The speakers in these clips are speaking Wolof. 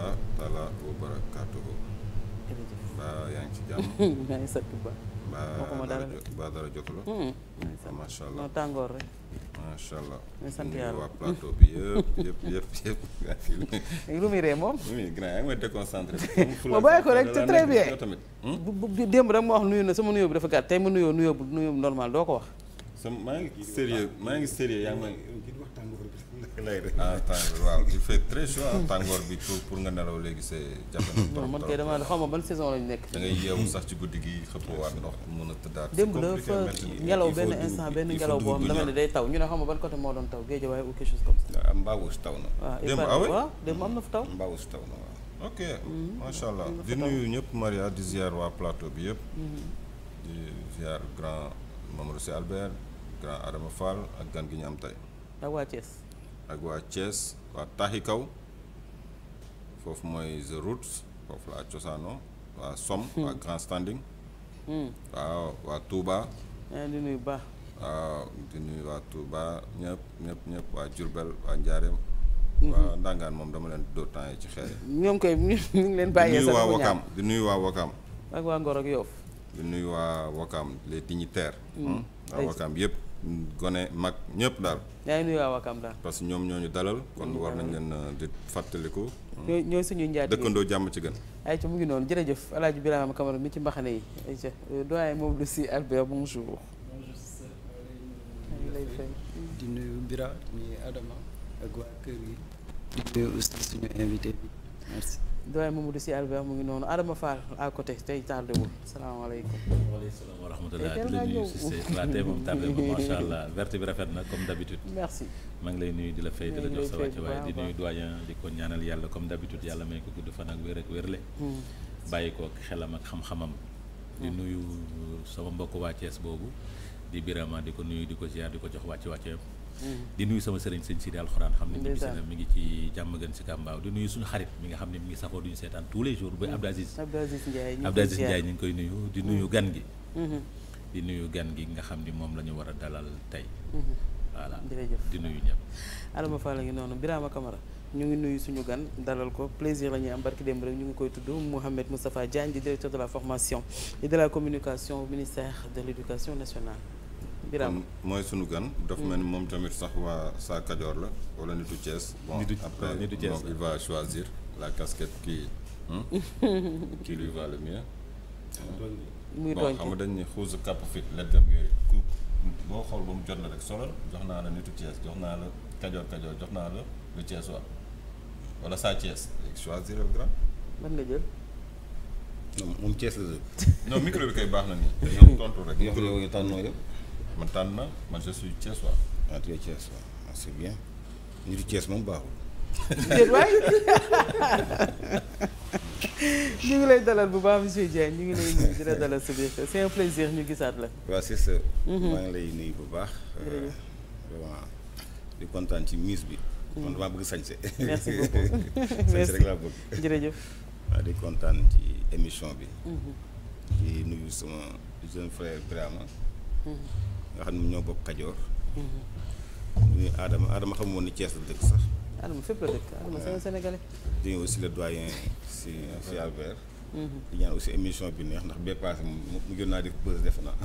rahmatulah taala wa barakaatuhu. jërëjëf mbaa yaa ngi ci jàmm. maa ngi sant bu baax. mbaa dara mbaa dara jotu la. Hmm. tàngoor rek. macha allah. ñu sant yàlla waa plateau bi yëpp yëpp yëpp yëpp. lu muy ma ko rek hmm? bu bu démb rek ma wax nuyoo na sama nuyoo bi dafa gàtt tey ma nuyoo nuyoo bu nuyoo normal doo ko wax. sama maa ngi sérieux maa ngi sérieux yaa ngi may. Ah, waaw il fait très chaud ah, tàngoor bi pour pour nga nelaw léegi c'est jafe na trop man kay dama xaw ma ban saison lañu nekk da ngay yeewu sax ci guddi gi xëppoo waat ndox mën a tëddaat démb dafa ngelaw benn instant benn ngelaw boo xam dama ne day taw ñu ne xaw ma ban côté moo doon taw géej waaye ou quelque chose comme ça ah, mbaawus taw na démb waaw démb am na fu taw mm, mbaawus taw na waaw ok mm-hmm. macha allah di nuyu ñëpp Maria di ziar waa plateau bi yëpp mm-hmm. di ziar grand Mamadou Sy Albert grand Adama Fall ak gan gi ñu am tey ak waa Thiès ak waa Thiès waa Taxi Kaw foofu mooy The Roots foofu laa cosaano waa Somme hmm. waa Grand Standing hmm. waaw waa Touba baax waaw di nuyu ñëpp ñëpp ñëpp waa Diourbel waa Njaareem hmm. waaw ndàngaan moom dama leen dóor temps yi ci xeer ñoom koy ñu ngi leen bàyyee sax waa Wakaam di nuyu waa Wakaam ak waa Ngor waa Wakaam les dignitaires waa Wakaam yëpp gone mag ñëpp daal. yaa nuyu waa daal. parce que ñoom ñoo ñu dalal. kon war nañ leen euh, di fàttaliku. ñooy suñuy njaat dëkkandoo jàmm ci gën. ayca mu ngi noonu jërëjëf El Hadj Birame Camara mi ci mbaxane yi ay euh, doyen Mamadou Sy Albert bonjour. bonjour sër lay fay di gi. suñu invité bi doyen Mamadou Sy Albert mu ngi noonu Adama Fall à côté tey tardé wul salaamaaleykum. waaleykum salaam wa rahmatulah di la nuyu si sa allah verte bi rafet na comme d' habitude. ngi lay nuyu di la fay di la jox sa wàcc waaye di nuyu doyen di ko ñaanal yàlla comme d' habitude yàlla may ko gudd fan ak wér ak wérle. Hmm. bàyyi ko xelam ak xam-xamam. di hmm. nuyu sama mbokk wàccees boobu di Birama di ko nuyu di ko ziar di ko jox wàcc wàcce Mm-hmm. di nuyu sama sëriñ sëñ Sidi Alxuraan xam ne ñi gis na ngi ci jàmm gën si kàmbaaw di nuyu suñu xarit mi nga xam ne mi ngi safoo duñu seetaan tous les jours bu mm-hmm. Abdou Aziz Abdou Aziz Ndiaye ñu ngi koy nuyu di nuyu mm-hmm. gan gi di nuyu gan gi nga xam ni moom la ñu war a dalal tey voilà di nuyu ñëpp Adama Fall la ngi noonu a Camara ñu ngi nuyu suñu gan dalal ko plaisir la ñuy am barki démb rek ñu ngi koy tudd Mouhamed Moustapha Diagne di directeur de la formation et de la communication au ministère de l' biram mooy sunu gan. dafa mel ni moom tamit sax waa saa Kajoor la wala nitu Thiès. bon après moom il va choisir la casquette qui qui lui va le mieux. muy bon dañ ne xuus kàpp fit leddam boo xool ba mu jot la rek solal jox naa la nitu Thiès jox naa la Kajoor Kajoor jox naa la lu Thiès waa wala saa Thiès. choisir le grand. man nga jël. non moom Thiès la baax na nii. dañoo tontu rek. micro bi tànnoo yëpp. man tànn na man je suis Thiessois. ah tu es Thiessois ah bien nitu Thiès moom baaxul. déet waay ñu ngi lay dalal bu baax monsieur Diagne ñu ngi lay nuyu di la dalal sa biir gisaat la. waaw c'est ça. Mhm. maa ngi lay nuyu bu baax. Euh, vraiment di kontaan ci mise bi. Mhm. man damaa bëgg merci beaucoup sañse di kontaan ci émission bi. Mhm. di nuyu sama jeune frère Birama. nga xam ne ñoo bokk Kajoor. Mm-hmm. mu nuyu Adama xam xamu woon ne Thiès la dëkk sax. Adama fépp la dëkk Adama c'est un sénégalais. di aussi le doyen si si Albert. Mm-hmm. di aussi émission bi neex ndax bee paase mu mujjoon naa def buzz def naa.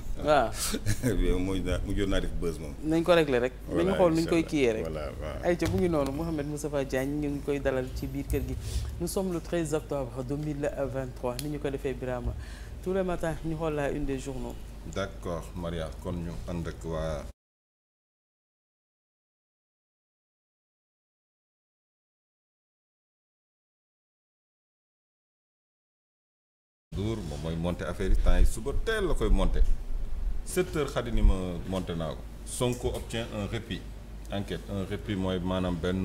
waaw mooy naa moom. nañ ko régler rek. nañu xool nu nuñ koy kiiyee rek. voilà waaw bu ngi noonu Mouhamed Moustapha Diagne ñu ngi koy dalal ci biir kër gi. nous sommes le 13 octobre 2023 ni ñu ko defee Birama tous les matins ñu xool la une des journaux. d'accord Maria kon ñu ànd ak duur mooy monter affaire temps suba teel la koy monter sept heures xadi ni ma monter naa ko Sonko obtient un répit enquête un répit mooy maanaam benn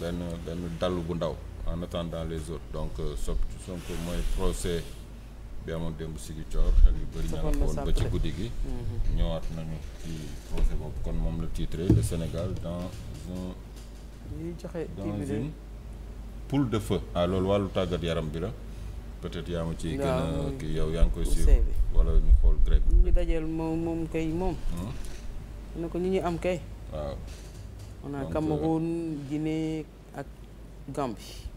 benn benn dallu bu ndaw en attendant les autres donc euh, sob mooy procès bi amoon démb sigi coor yu bëri ña nga woon ba ci guddi gi mm-hmm. ñëwaat nañu ci procès kon moom la titré le Sénégal dans un dans une de feu ah loolu wàllu tàggat yaram bi la peut-être yaa ma ciy gën a kii yow yaa ngi koy suivre wala ñu xool grec ñu moom moom kay moom hmm? na ko ñu ñu am kay waaw on a Cameroun Guinée ak Gambie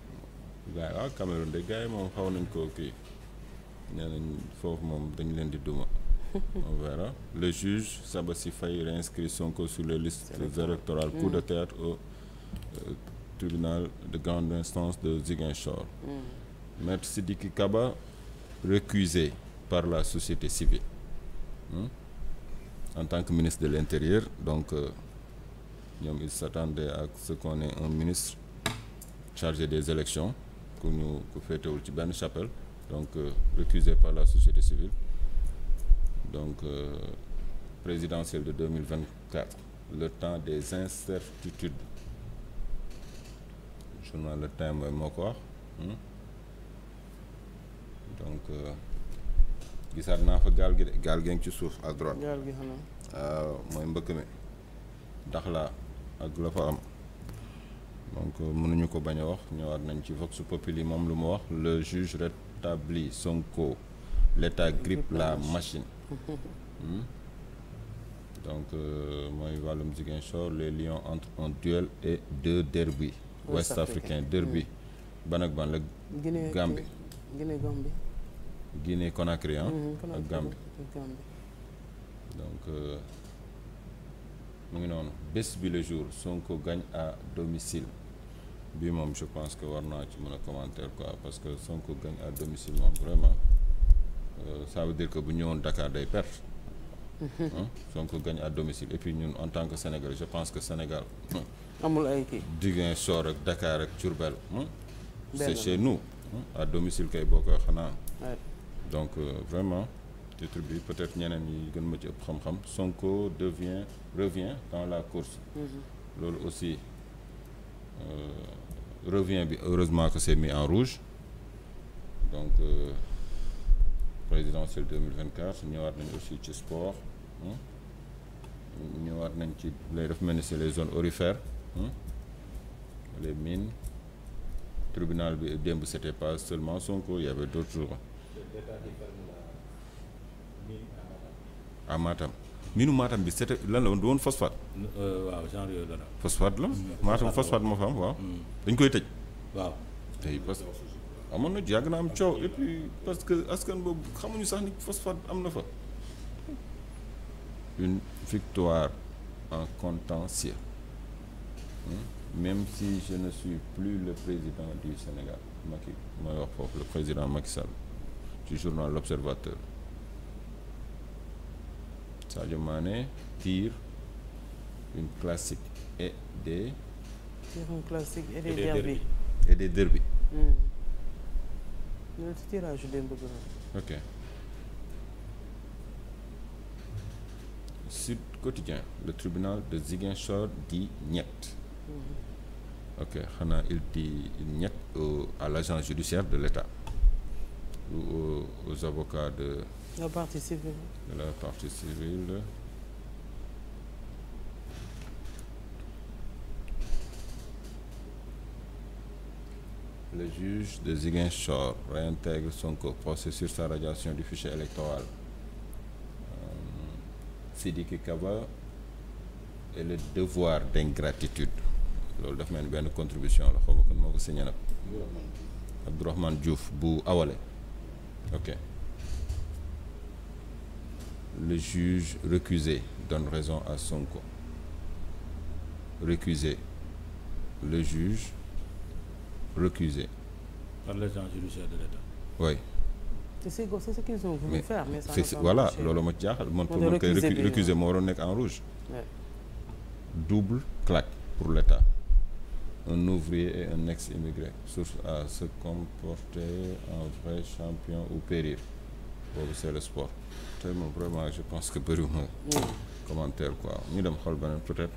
waaw ah, Cameroun de gars moom xaw nañ ko kii nee nañ foofu moom dañ leen di duma. on verra le juge si Faye réinscrit Sonko sur le listes électorales coup mm. de théâtre au euh, tribunal de grande instance de Ziguinchor. Mm. Maître Sidiki Kaba récusé par la société civile hmm? en tant que ministre de l'Intérieur donc euh, ñoom ils s'attendaient ak ce qu'on un ministre chargé des élections ku ñu ku féetewul ci benn chapelle donc euh, récusé par la société civile donc euh, présidentielle de 2024 le temps des incertitudes journal le temps mooy moo ko wax hmm? donc euh, gisaat naa fa gaal gi de gaal gi ci suuf à droite waaw mooy mbëkk mi ndax laa ak la fa am donc mënuñu ko bañ a wax ñëwaat nañ ci vox populi moom lu mu wax le juge ret rétabli Sonko l'état grippe la machine hmm? donc euh, mooy wàllum Ziguinchor les lion entrent en duel et deux derby ouest africain derby hmm. ban ak ban la Gambie Guinée Gambie ak Gambie hmm, donc euh, mu ngi noonu bés bi le jour Sonko gagne à domicile bii moom je pense que war naa ci mën a commentaire quoi parce que Sonko gagne à domicile moom vraiment euh, ça veut dire que bu ñëwoon dakaar day perte. Mhm. Sonko gagne à domicile et puis ñun en tant que Sénégalais je pense que Sénégal. amul ay kii Ziguinchor ak dakaar ak Diourbel. c'est chez nous. à domicile kay boo koy xanaa. donc euh, vraiment titre bi peut-être ñeneen yi gën ma ci ëpp xam-xam Sonko devient revient dans la course. Mhm. loolu aussi. Euh, revient bi heureusement que c'est mis en rouge donc euh, présidentielle 2024 ñëwaat nañ aussi ci sport ñëwaat nañ ci lay def mel ni c'est les zones aurifères les mines tribunal bi démb c'était pas seulement Sonko il y avait d'autres jours à Matam minu Matam bi c'était lan la woon du phosphate Euh, waaw genre yooyu la daal. phosphate la mm, Matam phosphate moo fa am waaw. Mm. dañ koy tëj. waaw tey parce que amoon na yàgg na am coow et puis parce que askan boobu xamuñu sax ni phosphate am na fa. une victoire en contentieux hmm? même si je ne suis plus le président du Sénégal Macky mooy wax foofu le président Macky Sall ci journal L'Observateur Sadio Mané tire une classique et des. une classique et des derby et des derby. loolu ci tirage démb bi ok Sud Quotidien le tribunal de Ziguinchor dit ñett hmm. ok xanaa il dit niet à l'agent judiciaire de l'État ou aux, aux de la partie civile. le juge de Ziguinchor réintègre Sonko procès sa radiation du fichier électoral euh, Sidiki Kaba et le devoir d'ingratitude loolu daf mel benn contribution la xaw ma kon moo ko signé nag Abdourahmane Diouf bu awale ok le juge récusé donne raison à Sonko récusé le juge recusé. par les gens judiciaires de l'État. oui. te c'est ce qu'ils ont loolu ma jaaxal man pour man kay recusé moo waroon nekk en rouge. double claque pour l'État. un ouvrier et un ex-immigré sauf à se comporter en vrai champion ou périr boobu c'est le sport te vraiment je pense que bëriwuma mm. commentaire quoi ñu dem xool beneen peut-être.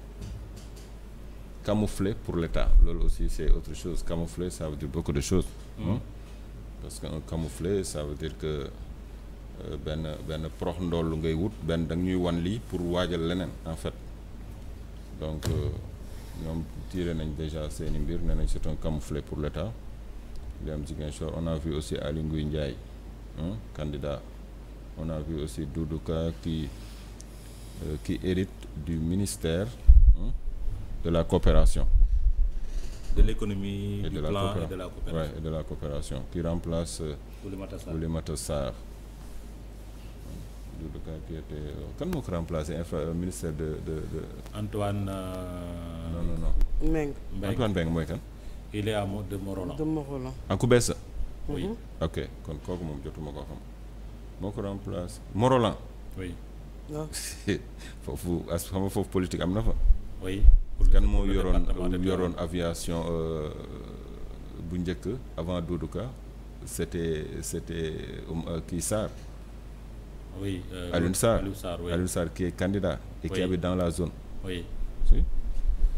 camouflé pour l'État loolu aussi c'est autre chose camouflé ça veut dire beaucoup de choses mm. parce que un camouflé ça dire que euh, benn benn prox ndoolu ngay wut benn da ñuy wan lii pour waajal leneen en fait donc euh, ñoom tiire nañ déjà seeni mbir nee nañ c'est un pour l'État li am Ziguinchor on a vu aussi Aly Ngouille Ndiaye candidat on a aussi Doudou Ka qui euh, qui hérite du ministère de la coopération. de la coopération ouais, et de la remplace. Euh, Oulimata Sarr euh, kan moo ko remplacé euh, ministère de de de. Antoine. Euh... Antoine Mbengue mooy kan. Ah, ku bees. oui mhm. ok kon kooku moom jotuma koo xam. moo ko remplacé Morolan. Ah. foofu as xam foofu politique am na fa. kan moo yoroon aviation euh, bu njëkk avant Doudou Ka c'était c'était kii um, euh, Sarr. oui euh, Alioune Sarr Alioune Sarr qui est candidat. et dans la zone. oui si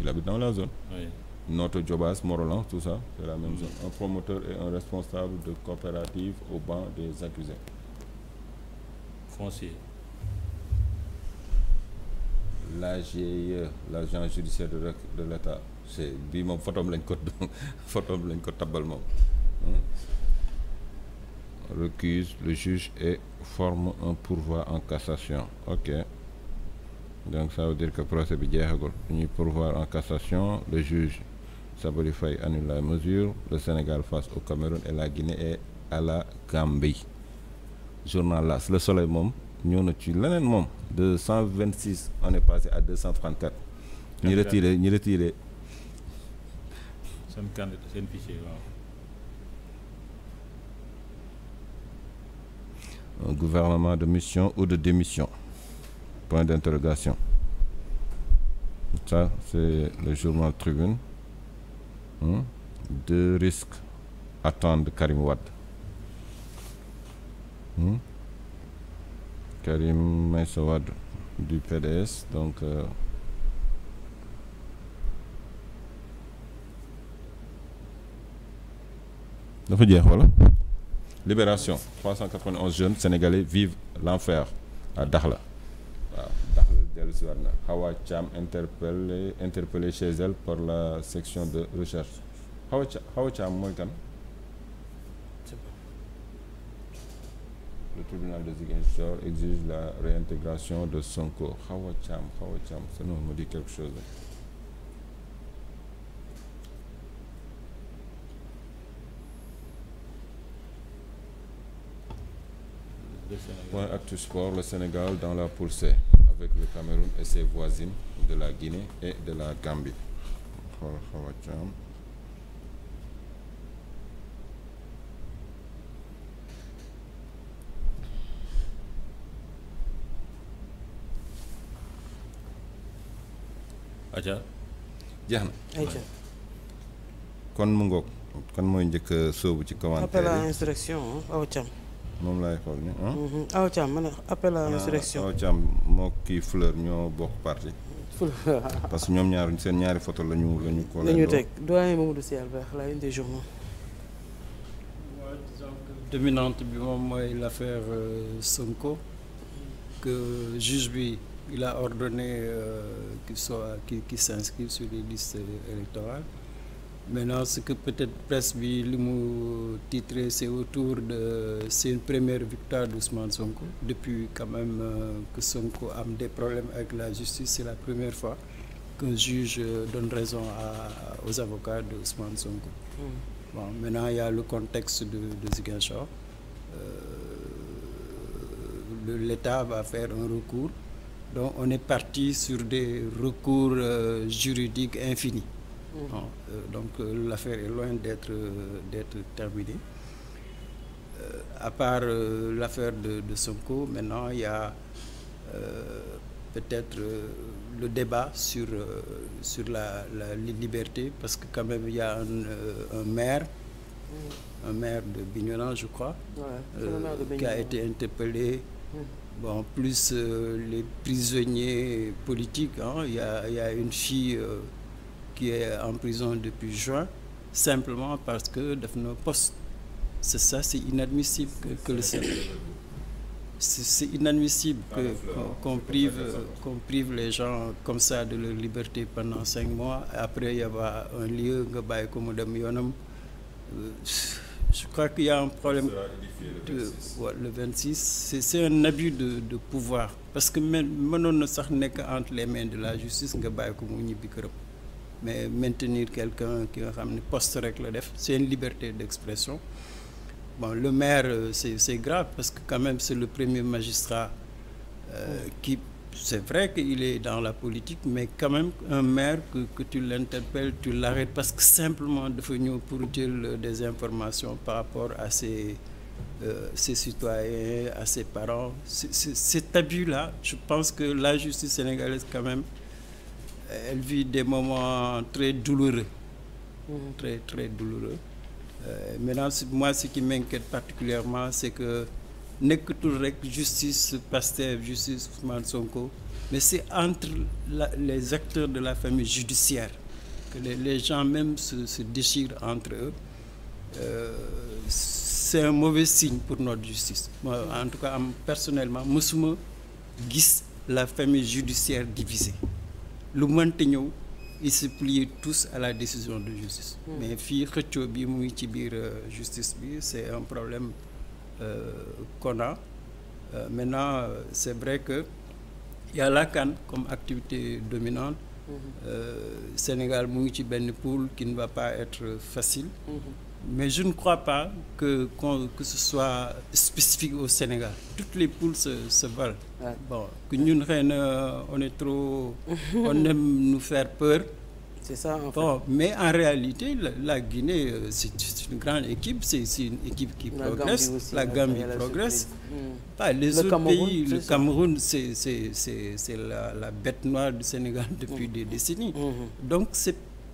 il habite dans la zone. oui Noto Diobass Morolan tout ça c'est la même zone. un promoteur et un responsable de coopérative au banc des accusés. l'AGE l'agent judiciaire de de l'État c'est bii moom photo lañ ko lañ ko tabal moom hmm? recuse le juge et forme un pourvoi en cassation ok donc ça veut dire que procès bi jeexagul ñuy pourvoir en cassation le juge Sabori Faye annule mesure le Sénégal face au Cameroun et la Guinée et à la Gambie journal L'As le soleil moom ñëw na ci leneen moom de 126 on est passé à 234. ñu retiré ñu retiré. seen candidat seen fichier waaw. un gouvernement de mission ou de démission point d'interrogation ça c'est le journal Tribune hmm? deux risques attendent Karim Wade hmm? Karim Meïssa Wade du PDS donc euh, dafa jeex wala libération 391 jeunes sénégalais vivent l'enfer à Dakhla waaw Dakhla dellu si waat na Hawa Thiam interpellé interpellé chez elle par la section de recherche Hawa Thiam Hawa Thiam mooy kan le tribunal de Ziguinchor exige la réintégration de Sonko Hawa Thiam Hawa Thiam ce nom quelque chose Point Actu dans la poule avec le Cameroun et ses voisines de la Guinée et de la Gambie. aja jeex na kon mu ngoog kon mooy njëkk a ci commentaire appel à aw cam moom laay xool ni ah? mhm. aw cam man appel à ah, insurrection aw cam moo kii fleur ñoo bokk parti parce que ñoom ñaar seen ñaari photo la ñu la ko lañuy ñu teg doyen Mamadou Sy Albert la une des journaux bi moom mooy l'affaire euh, Sonko que juge bi il a ordonné euh, qu'il soit qu'il s'inscrive sur les listes électorales maintenant ce que peut-être presse bi li mu titré c'est autour de c'est une première victoire d'Ousmane Sonko depuis quand même euh, que Sonko a des problèmes avec la justice c'est la première fois qu'un juge euh, donne raison à, aux avocats d'Ousmane Sonko mm. bon maintenant il y le contexte de Ziguinchor euh, l'État va faire un recours Donc on est parti sur des recours euh, juridiques infinis. Mmh. Bon, euh, donc euh, l'affaire est loin d'être euh, d'être terminée. Euh, à part l'affaire de, de Sonko, maintenant il y a peut-être le débat sur, sur la, la, liberté, parce que quand même il y a un, maire, mmh. un maire de Bignonan qui a été interpellé. Mm. bon, plus euh, les prisonniers politiques. Hein. Il, y a, il, y a, une fille euh, qui est en prison depuis juin, simplement parce que nos postes. C'est ça, c'est inadmissible que, que le C'est inadmissible qu'on qu prive, qu prive les gens comme ça de leur liberté pendant cinq mois. Après, il y avoir un lieu, comme Je crois qu'il y a un problème. de wa le 26 c'est c'est un abus de de pouvoir parce que même mënoon na sax nekk entre les mains de la justice nga bàyyi ko mu ñibbi këram mais maintenir quelqu'un ki nga xam ni poste rek la def c'est une liberté d'expression bon le maire euh, c'est c'est grave parce que quand même c'est le premier magistrat euh, qui c'est vrai qu'il est dans la politique mais quand même un maire que, que tu l'interpelles tu l'arrêtes parce que simplement dafa ñëw pour jël des informations par rapport à ses euh, ses citoyens à ses parents cet abus-là je pense que la justice sénégalaise quand même elle vit des moments très douloureux mmh. très très douloureux euh, maintenant moi ce qui m'inquiète particulièrement c'est que nekkatul rek justice Pastef justice Ousmane Sonko mais c'est entre la, les acteurs de la famille judiciaire que les, les gens même se, se déchirent entre eux euh, c'est un mauvais signe pour notre justice moi en tout cas am personnellement mësuma gis la famille judiciaire divisée lu mënta ñëw ils se plient tous à la décision de justice hmm. mais fii xëccoo bi mu ngi ci biir euh, justice bi c'est un problème qu'on euh, a. Euh, maintenant, euh, c'est vrai que yàlla y comme activité dominante. Mm Sénégal mu ngi ci benn poule qui ne va pas être facile. Mm-hmm. mais je ne crois pas que qu que ce soit spécifique au Sénégal toutes les poules se se valent. bon que ñun xëy na on est trop. nous faire peur. C'est ça, en mais en réalité, la, la Guinée, euh, c'est une grande équipe, c'est une équipe qui la progresse, Gambie aussi, la Gambie progresse. Hmm. Ah, les autres pays, le Cameroun, c'est la, bête noire du Sénégal depuis hmm. des décennies. Mmh. Donc,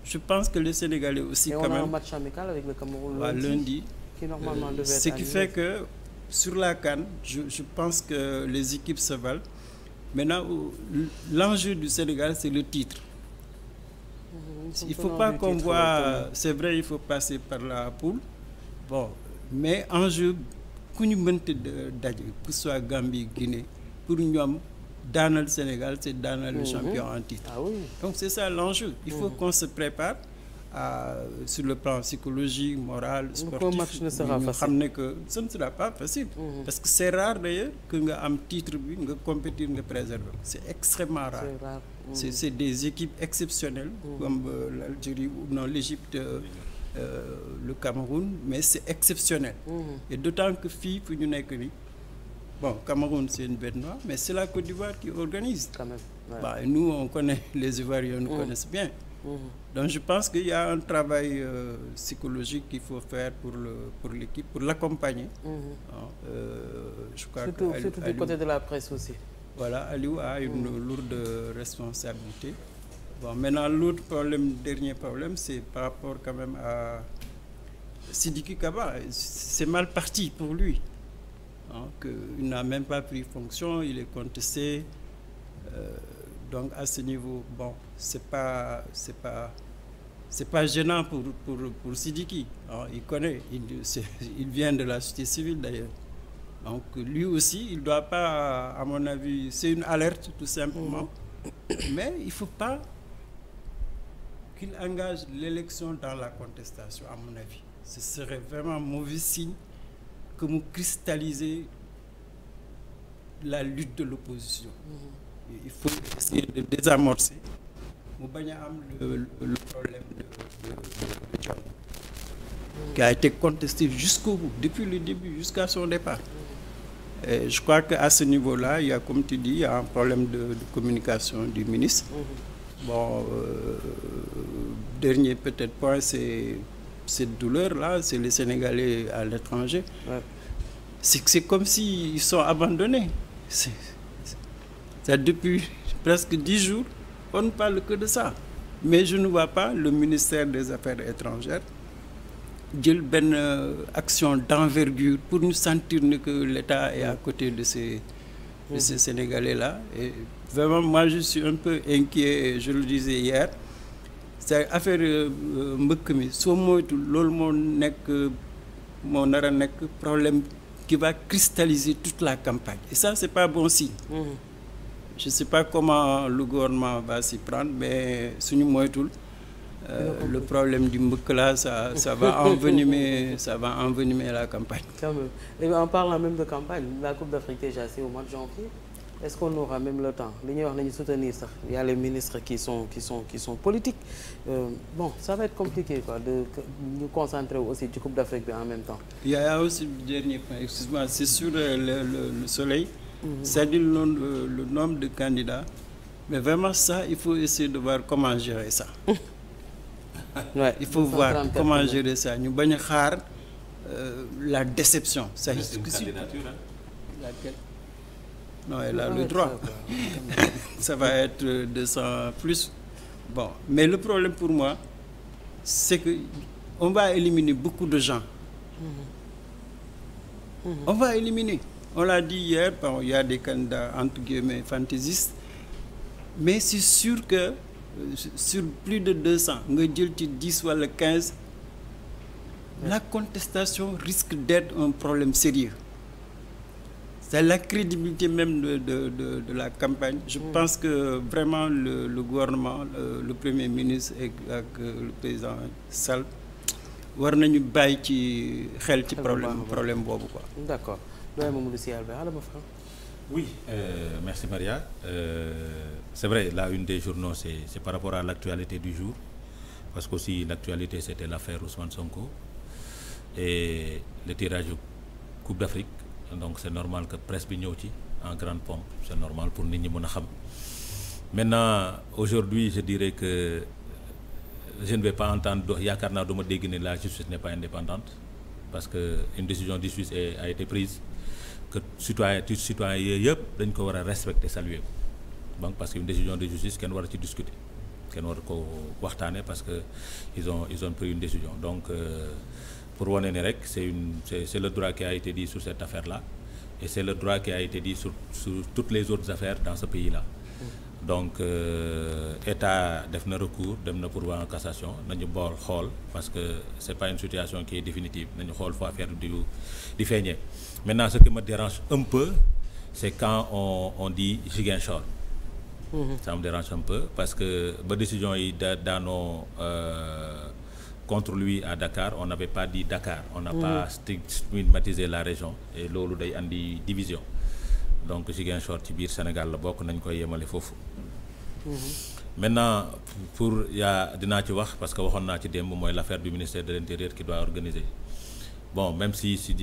je pense que les Sénégalais aussi, Et quand match amical avec le Cameroun lundi, euh, Ce qui fait que sur la Cannes, je, je pense que les équipes se valent. Maintenant, l'enjeu du Sénégal, c'est le titre. il faut pas qu'on voit euh, c'est vrai il faut passer par la poule bon mais enjeu ku ñu mënti daje que ce soit Gambie Guinée pour ñoom daanal Sénégal c'est daanal le mhm. champion en titre ah oui. donc c'est ça l'enjeu il faut mhm. qu'on se prépare à, euh, sur le plan psychologique moral sportif ñu xam ne que ce ne sera pas facile mhm. parce que c'est rare d'ailleurs que nga am titre bi nga compétir nga préserver c'est extrêmement rare c'est mm. c'est des équipes exceptionnelles mm. comme euh, l'Algérie ou l'Égypte euh, euh, le Cameroun mais c'est exceptionnel mm. et d'autant que fii fu ñu nekk nii bon Cameroun c'est une bête noire mais c'est la Côte d'Ivoire qui organise nous on connaît les Ivoiriens nous connaissent bien donc je pense qu'il y a un travail euh, psychologique qu'il faut faire pour le pour l'équipe pour l'accompagner ah, euh, je crois que surtout du côté la presse voilà, Aliou a une lourde responsabilité. Bon, maintenant, l'autre problème, dernier problème, c'est par rapport quand même à Sidiki Kaba. C'est mal parti pour lui. Donc, il n'a même pas pris fonction, il est contesté. Euh, donc, à ce niveau, c'est pas, c'est pas, c'est pas gênant pour, pour, pour Sidiki. Hein, il connaît, il vient de la société civile d'ailleurs. donc lui aussi il doit pas à mon avis c'est une alerte tout simplement mm-hmm. mais il faut pas qu'il engage l'élection dans la contestation à mon avis ce serait vraiment mauvais signe que mu cristalliser la lutte de l'opposition mmh. il faut essayer de désamorcer mu bañ a am le le problème de de mm-hmm. qui a été contesté jusqu'au bout depuis le début jusqu'à son départ Et euh, je crois qu'à ce niveau-là, il y a, comme tu dis, il y problème de, communication du ministre. Mmh. Bon, euh, dernier peut-être point, c'est cette douleur-là, c'est les Sénégalais à l'étranger. Ouais. C'est comme s'ils sont abandonnés. C est, c depuis presque dix jours, on ne parle que de ça. Mais je ne vois pas le ministère des Affaires étrangères jël benn euh, action d'envergure pour ñu sentir ne que l'État est à côté de ces de ces mhm. Sénégalais là et vraiment moi je suis un peu inquiet je le disais hier c'est affaire euh, mbëkk mi soo moytul loolu moo nekk moo nar a nekk problème qui va cristalliser toute la campagne et ça c'est pas bon signe mhm. je sais pas comment le gouvernement va s'y prendre mais suñu moytul Euh, le problème du mbëkk là ça ça va envenimer ça va envenimer la campagne. même. en parlant même de campagne la Coupe d'Afrique déjà c'est au mois de janvier est-ce qu'on aura même le temps li ñuy wax nañu soutenir sax y a les ministres qui sont qui sont qui sont politiques euh, bon ça va être compliqué de ñu concentrer aussi ci Coupe d'Afrique bi en même temps. Il y a aussi dernier point excuse-moi c'est sur euh, le soleil. Mhm. cest dire euh, le, nombre de candidats mais vraiment ça il faut essayer de ouais, il faut voir comment gérer sa ñu bañ a xaar euh, la déception. c'est une candidature hein? laquelle non elle a le droit ça va être plus bon mais le problème pour moi c'est que on va éliminer beaucoup de gens mmh. Mmh. on va éliminer on l'a dit hier bon il y a entre guillemets fantaisistes mais c'est sûr que sur plus de deux cent nga jël ci dix wala quinze la contestation risque d'être un problème sérieux c'est la crédibilité même de de de, la campagne je mm. pense que vraiment le, le gouvernement le, premier ministre et ak euh, le président Sall war nañu bàyyi ci xel ci problème boobu ko d'accord oui euh, merci Maria euh, c'est vrai la une des journaux c'est c'est par rapport à l'actualité du jour parce que aussi l'actualité c'était l'affaire Ousmane Sonko et le tirage Coupe d'Afrique donc c'est normal que presse bi ñëw ci en grande pompe c'est normal pour nit ñi mën a xam maintenant aujourd'hui je dirais que je ne vais pas entendre yaakaar naa duma dégg ne la justice n'est pas indépendante parce que une décision de justice a été prise que citoyen ci citoyen yëpp dañ ko war a respecter saluer ko banque parce que une décision de justice kenn war a ci discuter kenn war ko waxtaane parce que ils ont ils ont pris une décision donc euh, pour wone ni rek c'est une c'est le droit qui a été dit sur cette affaire là et c'est le droit qui a été dit sur sur toutes les autres affaires dans ce pays là donc euh, état def na recours dem na pour pourvoi en cassation nañu bool xool parce que c'est pas une situation qui est définitive nañu xool foo affaire di di feeñee maintenant ce qui me dérange un peu on on dit ça me dérange un peu parce que ba décision yi da daanoo euh, contre lui à Dakar on n'avait pas dit Dakar on n'a pas mm. stigmatisé la région loolu day indi division donc Ziguinchor ci biir Sénégal la bokk nañ koy yemale foofu mm-hmm. maintenant pour yaa dinaa ci wax parce que waxoon naa ci démb mooy l'affaire du ministère de l'intérieur qui doit organiser bon même si si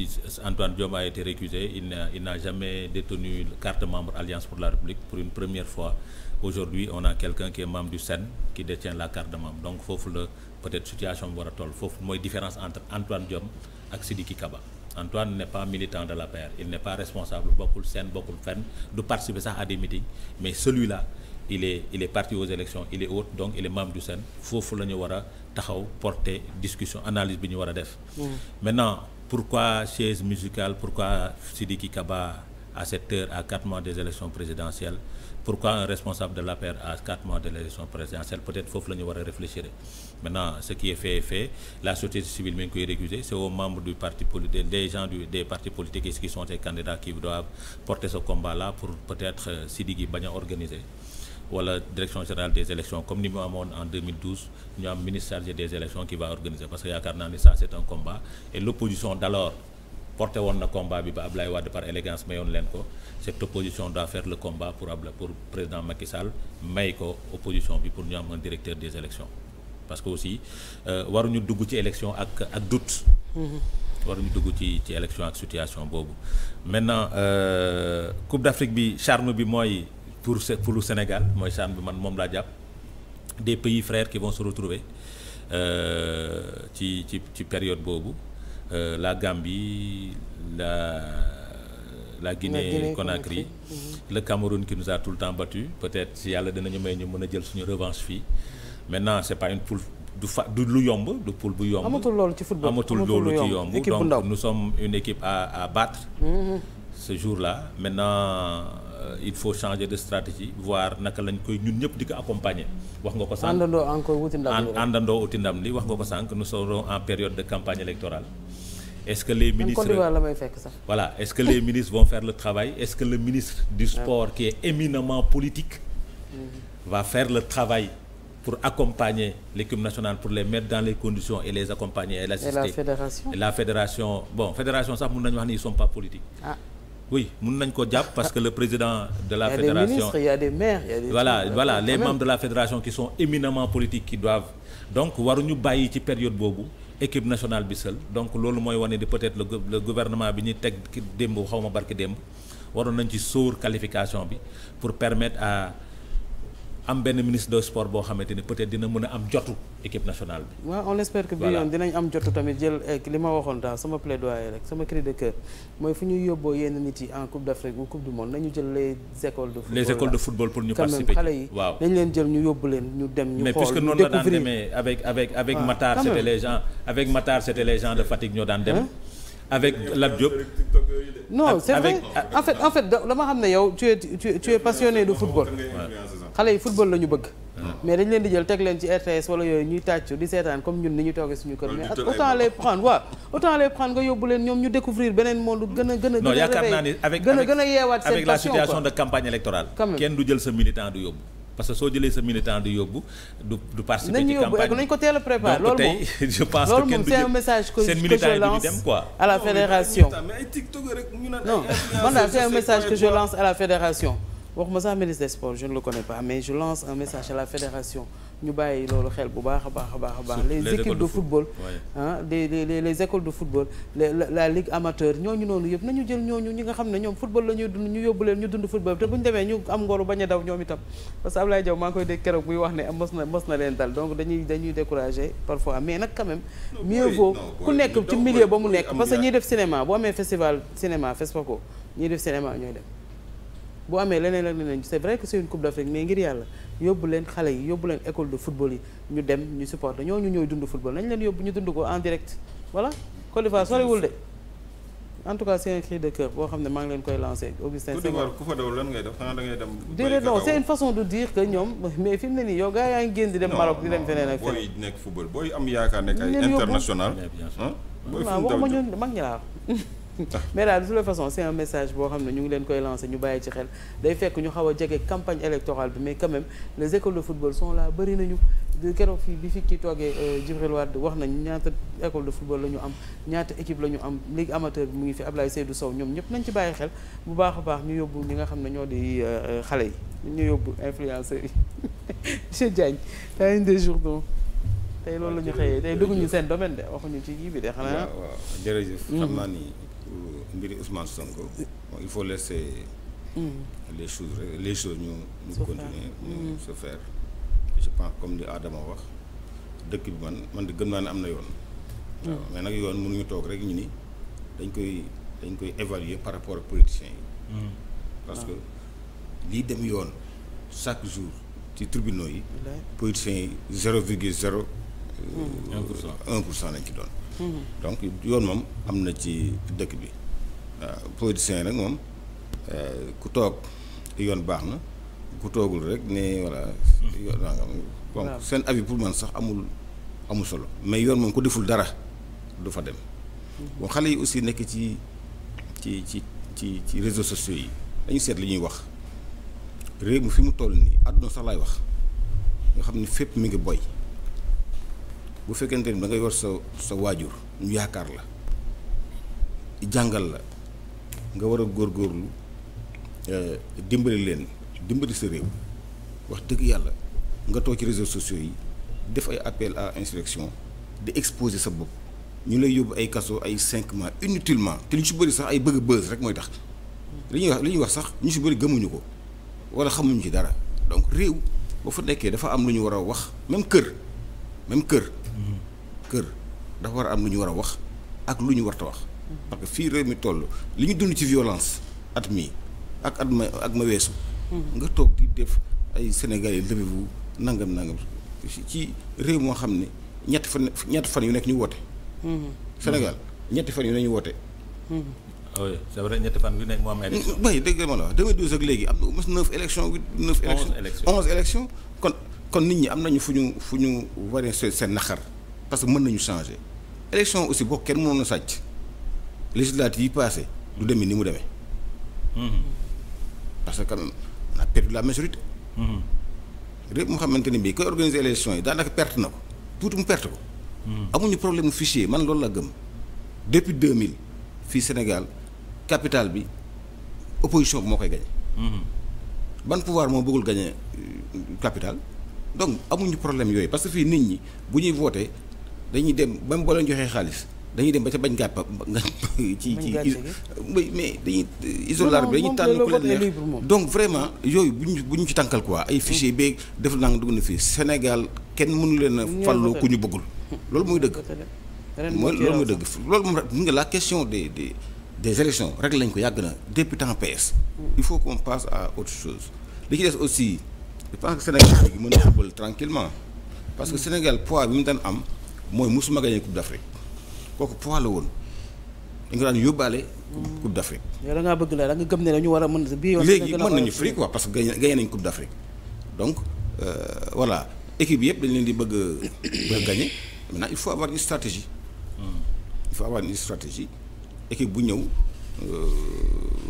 Antoine Diome a été récusé il n'a il n'a jamais détenu carte membre Alliance pour la République pour une première fois aujourd'hui on a quelqu'un qui est membre du SEN qui détient la carte membre donc foofu la peut-être situation bi war toll foofu mooy différence entre Antoine Diome ak Sidiki Kaba Antoine n'est pas militant de l'APR il n'est pas responsable bokkul SEN bokkul fenn du participer sax à des mais celui-là il est parti aux élections il est il est membre foofu la ñu war a taxaw porter discussion analyse bi ñu war a def. Mm. maintenant pourquoi chaise musicale pourquoi Sidiki Kaba à cette heure à quatre mois des élections présidentielles pourquoi un responsable de l'APR à quatre mois de l'élection présidentielle peut-être foofu la ñu war a réfléchir maintenant ce qui est fait est fait la société civile mi ngi koy récuser c'est aux membres du parti politique des gens du des partis politiques qui sont des candidats qui doivent porter pour peut-être euh, Sidiki bañ a wala direction générale des élections comme ni mu amoon en 2012 ñu am ministre chargé des élections qui va organiser parce que yaakaar naa ni ça combat et l'opposition d'alors porté woon na combat bi ba Ablaye Wade par élégance mayoon leen ko cette opposition doit faire le combat pour Abla pour président Macky Sall may ko opposition bi pour ñu am un directeur des élections parce que aussi euh, waruñu dugg ci élection ak ak doute mm-hmm. waruñu dugg ci ci élection situation boobu maintenant euh, Coupe d'Afrique bi charme bi mooy pour pour le Sénégal mooy CHAN bi man moom laa jàpp des pays frères qui vont se retrouver euh, ci ci ci période boobu euh, la Gambie la. la Guinée Conakry le Cameroun qui nous a le temps battu peut-être si yàlla dinañu may ñu mën a jël suñu revanche fii maintenant c'est pas une poule du fa du lu yomb du poule bu yomb amatul loolu ci football amatul loolu ci yomb donc nous sommes une équipe à battre mm-hmm. ce jour-là maintenant Euh, il faut changer de stratégie voir naka lañ koy ñun ñëpp di ko wax nga ko sànq àndandoo encore li àndandoo wuti ndam li wax nga ko sànq nous serons en période de campagne électorale. est-ce que les ministres la fekk sax. voilà est-ce que les ministres vont faire le que le ministre du sport qui est éminemment politique. Mhm. va faire le travail. pour accompagner l'équipe nationale pour les mettre dans les conditions et les accompagner et la fédération et la fédération bon fédération sax mën nañu wax ni ils sont oui mun nañ ko jàpp parce que le président de la fédération il y a des ministres il y les membres de la fédération qui sont éminemment politiques qui doivent donc waruñu bàyyi ci période boobu équipe nationale bi seul donc loolu mooy wane di peut-être le gouvernement bi ñu teg démb xaw ma barki démb waroon nañ ci sóor qualification bi pour permettre à am benn ministre de sport boo xamante ni peut-être dina mën a am jotu équipe nationale bi. waaw on espère que bi yoon dinañ am jotu tamit jël eh, li ma waxoon daal sama plaidoyer rek sama cri de cœur mooy fu ñuy yóbboo yenn nit yi en coupe d'Afrique ou coupe du monde nañu jël les écoles de. football les écoles pour ñu participer xale yi waaw nañ leen jël ñu yóbbu leen ñu dem. ñu xool mais puisque noonu la daan avec avec avec ah, Matar c'était les gens avec Matar c'était les gens de Fatick ñoo daan dem. avec Lat Diop. non c'est vrai en fait en fait dama xam ne yow tu es tu es passionné de football. xale yi football la ñu bëgg. mais dañ leen di jël teg leen ci RTS wala yooyu ñuy tàccu di seetaan comme ñun ni ñu toogee suñu kër. mais autant les prendre waaw autant les prendre nga yóbbu leen ñoom ñu découvrir beneen monde gën a gën a. gën a gën a yeewaat seen passion de campagne électorale. quand même kenn du jël sa militant du yóbbu. parce que soo jëlee sa militant di yóbbu du du participer ci campagne nañ ko teel a préparer loolu moom je pense que kenn du jëm seen militant yi duñu la fédération non man daal c'est un message que je lance à la fédération waxuma sax ministre des sports je ne le connais pas mais je lance un message à la fédération ñu bàyyi loolu xel bu baax a baax a baax a baax les équipes de football ah les les les écoles de football la ligue amateur ñooñu noonu yëpp nañu jël ñooñu ñi nga xam ne ñoom football la dund ñu yóbbu leen ñu dund football te bu ñu demee ñu am ngoru bañ a daw ñoom itam parce que Ablaye Diaw maa ngi koy dégg keroog muy wax ne mos na leen dal donc dañuy dañuy découragé parfois mais nag quand même mieux vaut ku nekk ci milieu ba mu nekk parce que ñuy def cinéma bu amee festival cinéma FESPACO ñiy def cinéma ñooy dem bu amee leneen ak leneen c'est vrai que c'est une coupe d'Afrique mais ngir yàlla yóbbu leen xale yi yóbbu leen école de football yi ñu dem ñu supporter ñooñu ñooy dund football nañ leen yóbbu ñu dund ko en direct voilà Côte d'Ivoire soriwul de en tout cas c'est un cri de cœur boo xam ne maa ngi leen koy lancé Augustin Senghor ku fa daw lan ngay def xanaa da dem déedéet non façon de dire que ñoom mais fi ne nii yow gars yaa ngi génn di dem Maroc di mais daal de toute façon c'est un message boo xam ne ñu ngi leen koy lancer ñu bàyyi ci xel day fekk ñu xaw a jege campagne électorale bi mais quand même les écoles de football sont là bëri nañu keroog fii bi fi ki toogee euh, Djibril Wade wax nañ ñaata école de football la ñu am ñaata équipe la ñu am ligue amateur bi mu ngi fi ab Ablaye Seydou Sow ñoom ñëpp nañ ci bàyyi xel bu baax a baax ñu yóbbu ñi nga xam ne ñoo di euh, xale yi ñu yóbbu influenceurs yi monsieur Diagne daa une des journaux tey loolu la ñu xëyee tey dugguñu seen domaine ci yii bi de jërëjëf mm. xam ni mbiri Ousmane Sonko ko il faut laisser mm. les choses les choses ñu ñu continuer ñu mm. se faire je pense comme li Adama wax dëkk bi man man de gëm naa ne am na yoon mm. waaw mais nag yoon mënuñu toog rek ñu ni dañ koy dañ koy évaluer par rapport ak politiciens yi parce ah. que lii dem yoon chaque jour ci tribunaux yi politiciens yi zéro virgule zéro euh, un pour cent nañ ci doon donc yoon moom am na ci dëkk bi waaw euh, politiciens yi nag moom euh, ku toog yoon baax na ku toogul rek ne voilà seen avis pour man sax amul amul solo mais yoon moom ko deful dara du fa dem mhm. bon xale yi aussi nekk ci ci ci ci ci réseaux sociaux yi dañu seet li ñuy wax réew mi fi mu toll nii àdduna sax laay wax nga xam ne fépp mu ngi boy bu fekkente ni da nga yor sa sa waajur ñu yaakaar la jàngal la nga war a góorgóorlu euh, dimbali leen dimbali sa réew wax dëgg yàlla nga toog ci réseaux sociaux yi def ay appel à insurrection di exposer sa bopp ñu lay yóbbu ay kaso ay cinq mois inutilement te li ñu si bëri sax ay bëgg bës rek mooy tax li ñuy wax li ñuy wax sax ñu si bëri gëmuñu ko wala xamuñu ci dara donc réew boo fa nekkee dafa am lu ñu war a wax même kër même kër kër dafa war a am lu ñu war a wax ak lu ñu warta wax parce que fii réew mi toll li ñu dund ci violence at mii ak at ma ak ma weesu nga toog di def ay sénégalais levez-vous nangam nangam ci réew moo xam ne ñetti fan ñetti fan yu nekk ñu woote Sénégal ñetti fan yu nekk ñu woote ah oui c'est vrai ñetti fan yu nekk moo am élection bay mm, dégg ma la wax 2012 ak léegi am na mos neuf élection huit neuf élection onze élection kon kon nit ñi am nañu fu ñu fu ñu waree seen naxar parce que mën nañu changer élection aussi boo kenn mënoon a sàcc législative yi passé du deme ni mu demee. Mm-hmm. parce que quand même on a perdu la majorité. lépp mm-hmm. mu xamante ne bii koy organiser élection yi daanaka perte na ko tuuti mu perte ko. Mm-hmm. amuñu problème mu fichier man loolu la gëm. depuis mille fii Sénégal capital bi opposition bi moo koy gañe. ban pouvoir moo bëggul gañe euh, capital donc amuñu problème yooyu parce que fii nit ñi bu ñuy voté. dañuy dem ba mu boo leen joxee xaalis dañuy dem ba ca bañ gàppa nga ci ci mais dañuy isoloir bi dañuy tànn ku leen neex donc vraiment yooyu bu ñu bu ñu tànkal quoi ay mm. fichier beeg def naa nga dugg na fii Sénégal kenn mënu leen a fàllu ku ñu bëggul loolu mooy dëgg mooy loolu mooy dëgg loolu moom rek nga la question des des des élections rek lañ ko yàgg na depuis temps PS il faut qu'on passe à autre chose li ci des aussi je pense que Sénégal léegi mën na football tranquillement parce que mm. Sénégal poids bi mu daan am mooy musuma gagné coupe d'Afrique kooku poids la woon dañ ko daan yóbbaale. coupe d'Afrique. yow da bëgg la da nga gëm ne dañu war a mën bii yoon léegi mën nañu fri quoi parce que gagné nañ coupe d'Afrique donc euh, voilà équipe yëpp dañ leen di bëgg a gagné maintenant il faut avoir une stratégie. il faut avoir une stratégie équipe bu ñëw euh,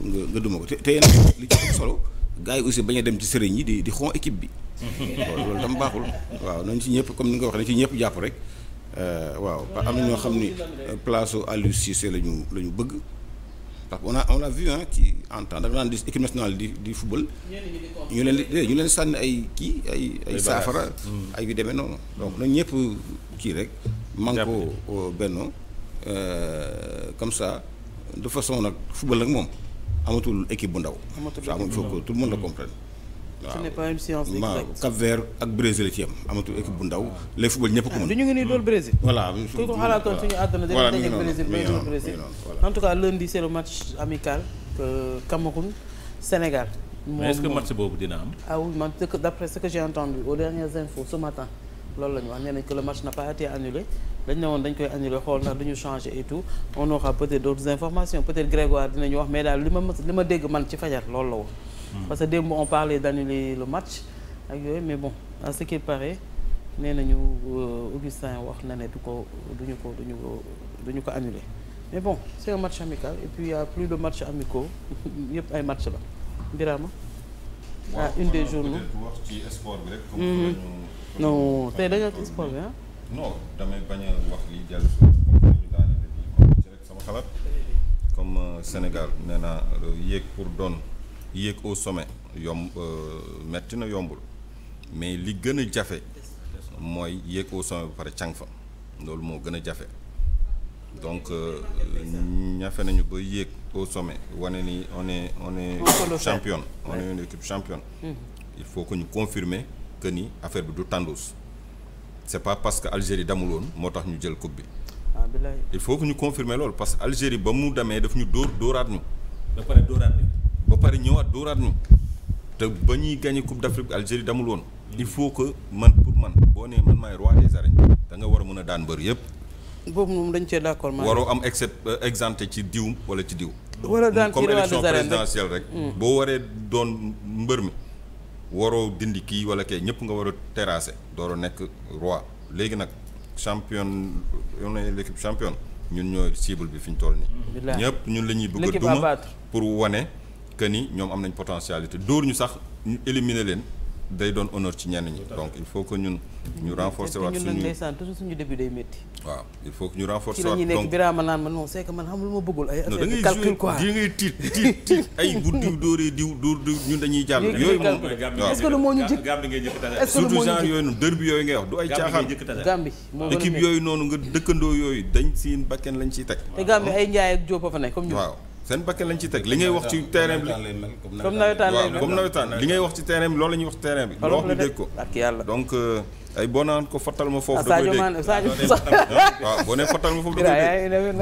nga nga duma ko te te yéen li ci solo. gars yi aussi bañ dem ci sëriñ yi di di xon équipe bi. loolu tam baaxul. waaw nañ ci ñëpp comme ni nga ko waxee ci ñëpp jàpp rek. Euh, waaw am na ñoo xam ni euh, place su Aliou Cissé la ñu bëgg parce que on a on a vu ci en temps da di équipe nationale di football ñu leen di ñu leen sànni ay kii ay ay saafara hmm. ay yu demee noonu donc nañ ñëpp kii rek manko benno euh, comme ça de façon nag football nag moom amatul équipe bu ndaw ça il faut que tout le monde le hmm. ce n'est pas une science exacte Cap Vert ak Brésil ci am amatul équipe bu ndaw les football ñëpp ko mën. Ah, du ñu ngi nii dóor Brésil. voilà ku ko xalaatoon suñu àdduna dina match amical Cameroun Sénégal. moom mais que match boobu dina am. ah oui man d'après ce que j'ai entendu aux dernières infos ce matin loolu la ñu wax nee nañ que match n'a pas été dañ ne woon dañ koy annulé xool ndax duñu changé et tout on aura peut-être d'autres informations peut-être Grégoire dinañu mais daal li ma li dégg man ci fajar loolu la parce que démb on parlait d'annuler le match ak yooyu mais bon à ce qu'il paraît nee nañu euh, Augustin wax na ne du ko duñu ko duñu ko ko annuler mais bon c'est match amical et puis y a plus de matchs amicaux yëpp ay match la Birama ah, une des journaux wax ci sport bi rek. comme mhm. non tey da sama xalaat. comme euh, Sénégal nee naa euh, pour doon. yéeg au sommet yomb euh, metti na yombul mais li gën a jafe mooy yéeg au sommet ba pare càng fa loolu moo gën a jafe donc euh, ñafe nañu ba yéeg au sommet wane ni on est on est championne on est une équipe championne il faut que ñu confirmer que ni affaire bi du tànduus c'est pas parce que Algérie damul woon moo tax ñu jël coupe bi ah, il faut que ñu confirmer loolu parce que Algérie ba mu demee daf ñu dóor dóoraat ñu ba pare dóoraat ba pare ñëwaat dóoraat ñu te ba ñuy gagné coupe d'Afrique Algérie damul woon. il faut que man pour man boo nee man maay roi de arènes danga war a mën a daan mbër yëpp. boobu moom dañ cee d'accord man waroo am except euh, exempté ci diw wala ci diw. wala daan ci roi des comme élection présidentielle rek. Mm. boo waree doon mbër mi waroo dindi kii wala kay ñëpp nga war a terrasser dooro nekk roi léegi nag champion on est l'équipe championne ñun ñooy cible bi fi ñu toll nii. ñëpp ñun la ñuy duma pour que ni ñoom am nañ potentialité dóor ñu sax ñu éliminer leen day doon honneur ci ñenn ñi donc il faut que ñun ñu renforcer waat suñu ndeysaan toujours suñu début day métti waaw il faut que ñu renforcer waat donc ci la ñuy naan ma non c'est man xam lu ma bëggul ay dañuy jàll yooyu moom est lu moo ñu jëkk gambi ngay jëkk tase genre yooyu noonu dër bi yooyu ngay wax du ay caaxaan équipe yooyu noonu nga dëkkandoo yooyu dañ seen bakken lañ ciy teg te gambi ay njaay ak jóob fa ne comme ñu seen bakkan lañ ci teg li ngay wax ci terrain bi comme nawetaan lay mel comme nawetaan li ngay wax ci terrain bi loolu la ñuy wax terrain bi loo wax ñu dégg ko ak yàlla donc euh, ay boo naan ko fattal ah, ah, ah, ma foofu da koy dégg waaw boo nee fattal ma foofu da koy dégg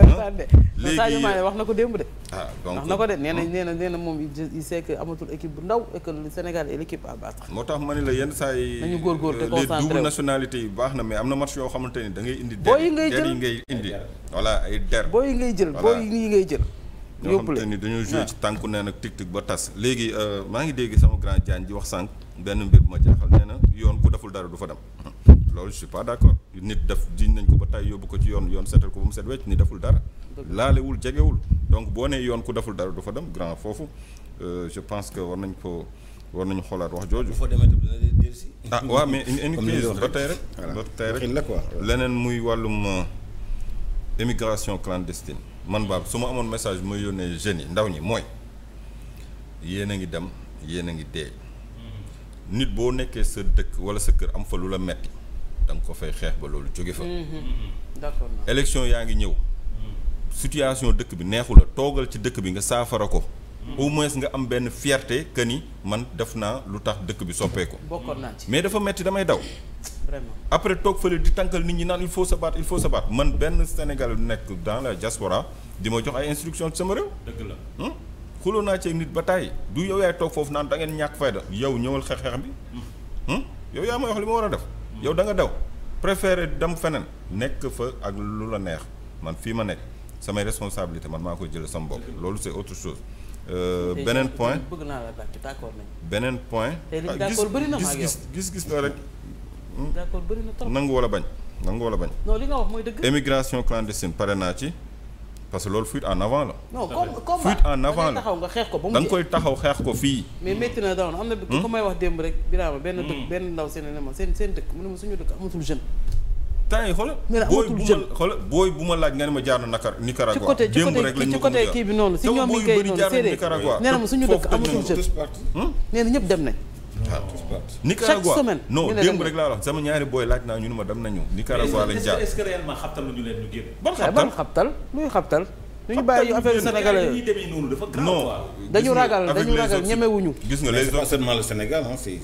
léegi Sadio Mané euh, wax na ko démb de ah donc wax na ko de nee na hmm? nee na nee na moom il sait que amatul équipe bu ndaw et que le Sénégal est l'équipe à battre moo tax ma ne la yenn saa yi nañu góorgóorlu te euh, concentré les double nationalité yi baax na mais am na match yoo xamante ni da ngay indi der yi ngay indi voilà ay der boo yi ngay jël boo yi ngay jël yóbbu leen ni dañoo joué ah. ci tànku neen ak tic tic ba tas léegi euh, maa ngi dégg sama grand Diagne ji wax sànq benn mbir ma jaaxal nee na yoon ku deful dara du fa dem loolu je suis pas d'accord nit def jiñ nañ ko ba tay yóbbu ko ci yoon yoon seetal ko mu set wecc ni deful dara laalewul jegewul donc boo nee yoon ku deful dara du fa dem grand foofu euh, je pense que war nañ ko war nañu xoolaat wax jooju. bu demee tam dina dellusi. ah waaw mais une crise ba tey rek ba tey rek leneen muy wàllum euh, émigration clandestine man baab su ma amoon message bi may yónnee jeunes yi ndaw ñi mooy yéen a ngi dem yéen a ngi dee mm-hmm. nit boo nekkee sa dëkk wala sa kër am fa lu la metti da nga ko fay xeex ba loolu jóge fa. Mm-hmm. d'accord élection yaa ngi ñëw. Mm-hmm. situation dëkk bi neexul la toogal ci dëkk bi nga saafara ko. au moins nga am benn fierte que ni man def naa lu tax dëkk bi soppeeku. bokkoon naa mais dafa metti damay daw. après toog fële di tànkal nit ñi naan il faut sa battre il faut se battre man benn Sénégal nekk dans la diaspora di ma jox ay instruction ci sama réew. dëgg la. Hmm? xuloo naa ci nit ba tàyyi du yow yaay toog foofu naan da ngeen ñàkk fayda yow ñëwal xeex xeex bi. Hmm. Hmm? yow yaa ma wax li ma war a def. yow da nga daw préféré dem feneen. nekk fa ak lu la neex man fii ma nekk samay responsabilité man maa koy jëlee sama bopp loolu c'est autre Euh, beneen point bëgg naa la bàcc d'accord beneen point ah, hmm? d'accord bëri na ma ak yow gis gis la rek d'accord bëri nangu wala bañ nangu wala bañ non li nga wax mooy dëgg émigration clandestine pare naa ci parce que loolu fuite en avant la. non comme comme fuite en avant la taxaw xeex ko ba mu koy taxaw xeex ko fii. mais métti na daaw am na. ku hmm? may wax démb rek. Birama benn dëkk hmm. benn ndaw seen ne ma seen seen dëkk mu ne ma suñu dëkk amatul jeune. temps yi xoolal. booy bu ma xoolal laaj nga ne ma jaar na Nicaragua. ma ko mujjee ci côté ci côté kii bi noonu si ñoom mi ngi noonu séeréer nee ma suñu dëkk amatul jeu hmm? nee na ñëpp dem nañ. waaw ah, ah, Nicaragua non démb rek laa wax sama ñaari booy laaj naa ñu ne ma dem nañu Nicaragua lañ jaar est-ce que réellement xabtal lu ñu leen ñu génn. Eh, ban xabtal xabtal ñu bàyyi affaire sénégalais yi demee noonu dafa grave non dañu ragal dañu ragal ñemewuñu gis nga les autres seulement le Sénégal ah c'est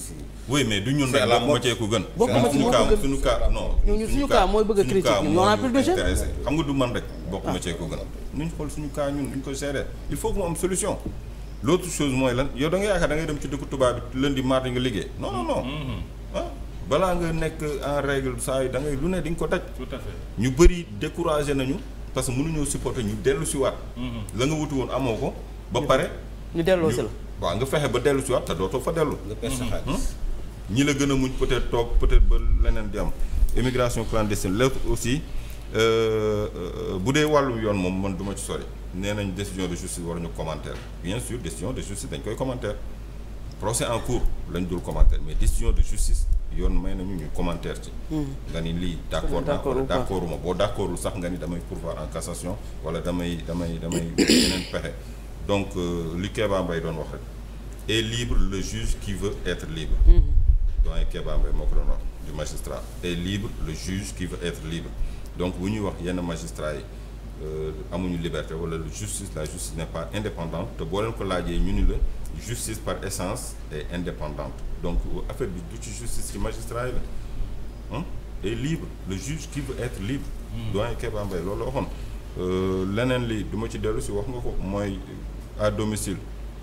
oui mais du ñun rek la moitié ko gën bokk ma ci moo ko gën suñu cas non ah. suñu cas ñun on ñu xool suñu cas ko gérer il faut que mu am solution l'autre chose mooy lan yow da nga dangay da ngay dem ci dëkku tubaab bi lundi mardi nga liggéey non non non mm-hmm. ah, nga nekk en règle saa yi da ngay lu ne di nga ko daj tout à fait ñu bëri découragé nañu parce que mënuñoo supporter ñu dellu si waat. Mm-hmm. la nga wuti woon amoo ko. ba pare ñu delloo si la. waaw nga fexe ba dellu si waat te dootoo fa dellu. nga perte mm-hmm. xaalis hmm? ñi la gën a muñ peut-être toog peut-être ba leneen di am. immigration clandestine la aussi euh, euh, bu dee wàllu yoon moom mën duma ci sori nee nañ décision de justice waruñu commentaire bien sûr décision de justice dañ koy commentaire. procès en cours lañ dul commentaire mais décision de justice yoon may nañu ñu commentaire ci. Hmm. nga ni lii d' accord naa ma boo d' accordul sax nga ni damay pourvoir en cassation wala damay damay damay yeneen pexe donc euh, li Kéba Mbaye doon wax rek est libre le juge qui veut être libre. Hmm. doyen Kéba Mbaye le juge qui veut être libre donc bu ñuy wax yenn magistrat yi. Euh, amuñu liberté wala la justice la justice n'est pas indépendante te boo leen ko laajee ñu ni la justice par essence et indépendante donc affaire bi du ci justice ci magistrat yi la est libre le juge qui veut être libre hmm. doyen Keba Mbaye loolu la waxoon euh, leneen li du ma ci dellu si wax nga ko mooy à domicile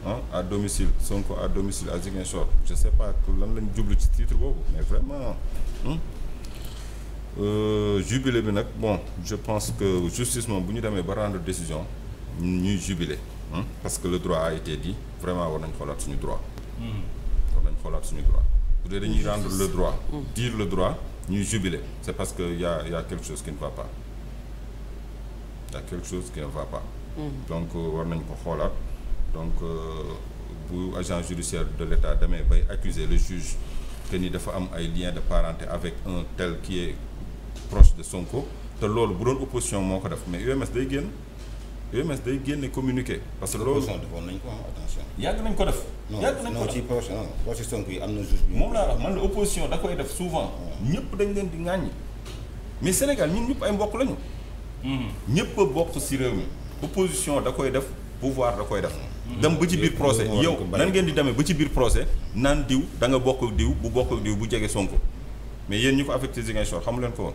ah à domicile Sonko à domicile à Ziguinchor je sais pas lan lañ jublu ci titre boobu mais vraiment euh, jubilé bi nag bon je pense que justice bu ñu demee ba rendre décision ñuy jubilé parce que le droit a été dit vraiment war nañ xoolaat suñu droit. Hmm. war nañ xoolaat suñu droit bu dee dañuy hmm. rendre le droit. Hmm. dire le droit ñuy jubiler c' est parce que y' a y' a quelque chose qui ne va pas donc euh, war nañ ko xoolaat donc euh, bu agent judiciaire de l' état demee bay accuser le juge que ni dafa am ay lien de parenté avec un tel qui est proche de Sonko te loolu bu doon opposition moo ko def mais UMS day génn. UMS e day génne communiqué. parce que loolu defoon nañ ko attention. yàgg nañ ko def. nañ ko def non ci projet yi am na juge moom laa wax man la opposition da koy def souvent. ñëpp dañ leen di ŋàññi. mais Sénégal ñun ñëpp ay mbokk lañu. Hmm. ñëpp a bokk si réew mi. opposition da koy def pouvoir da koy def. Hmm. dem ba ci biir projet yow nan ngeen di demee ba ci biir procès naan diw da nga bokk diw bu bokk diw bu jege Sonko mais yéen ñi ko affecté Ziguinchor xamu leen ko woon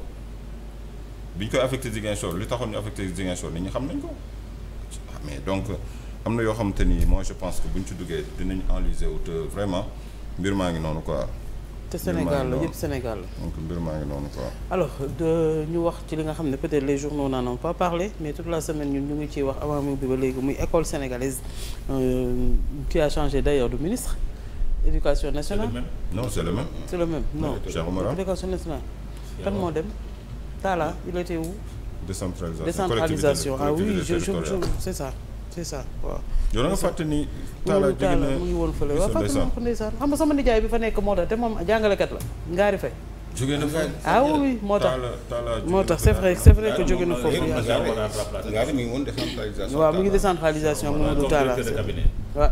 bi ñu koy affecté Ziguinchor li taxoon ñu affecté Ziguinchor xam nañ ko. mais donc am na yoo xamante ni moi je pense que bu ñu ci duggee dinañ enliser wut vraiment mbir maa ngi noonu quoi. te Sénégal la yëpp Sénégal la. donc mbir maa ngi noonu quoi. alors de ñu wax ci li nga xam ne peut-être les journaux n'en ont pas parlé mais toute la semaine ñun ñu ngi ciy wax avant mu bi ba léegi muy école sénégalaise euh, qui a changé d'ailleurs de ministre. éducation nationale non c'est le même. c'est le même non éducation nationale. kan moo dem Talla décentralisation décentralisation ah oui je je je c'est ça c'est ça waaw. yow da nga fàtte ni. Talla jóge na mu ngi woon fële waaw fàtte naa ko ndeysaan xam nga sama nijaay bi fa nekk moo tax te moom jàngalekat la ngaari fay. jóge na foofu ah oui moo tax moo tax c'est vrai c'est vrai que jóge na foofu. ngaari mi ngi woon décentralisation. waaw mi ngi décentralisation Mamadou Talla waaw.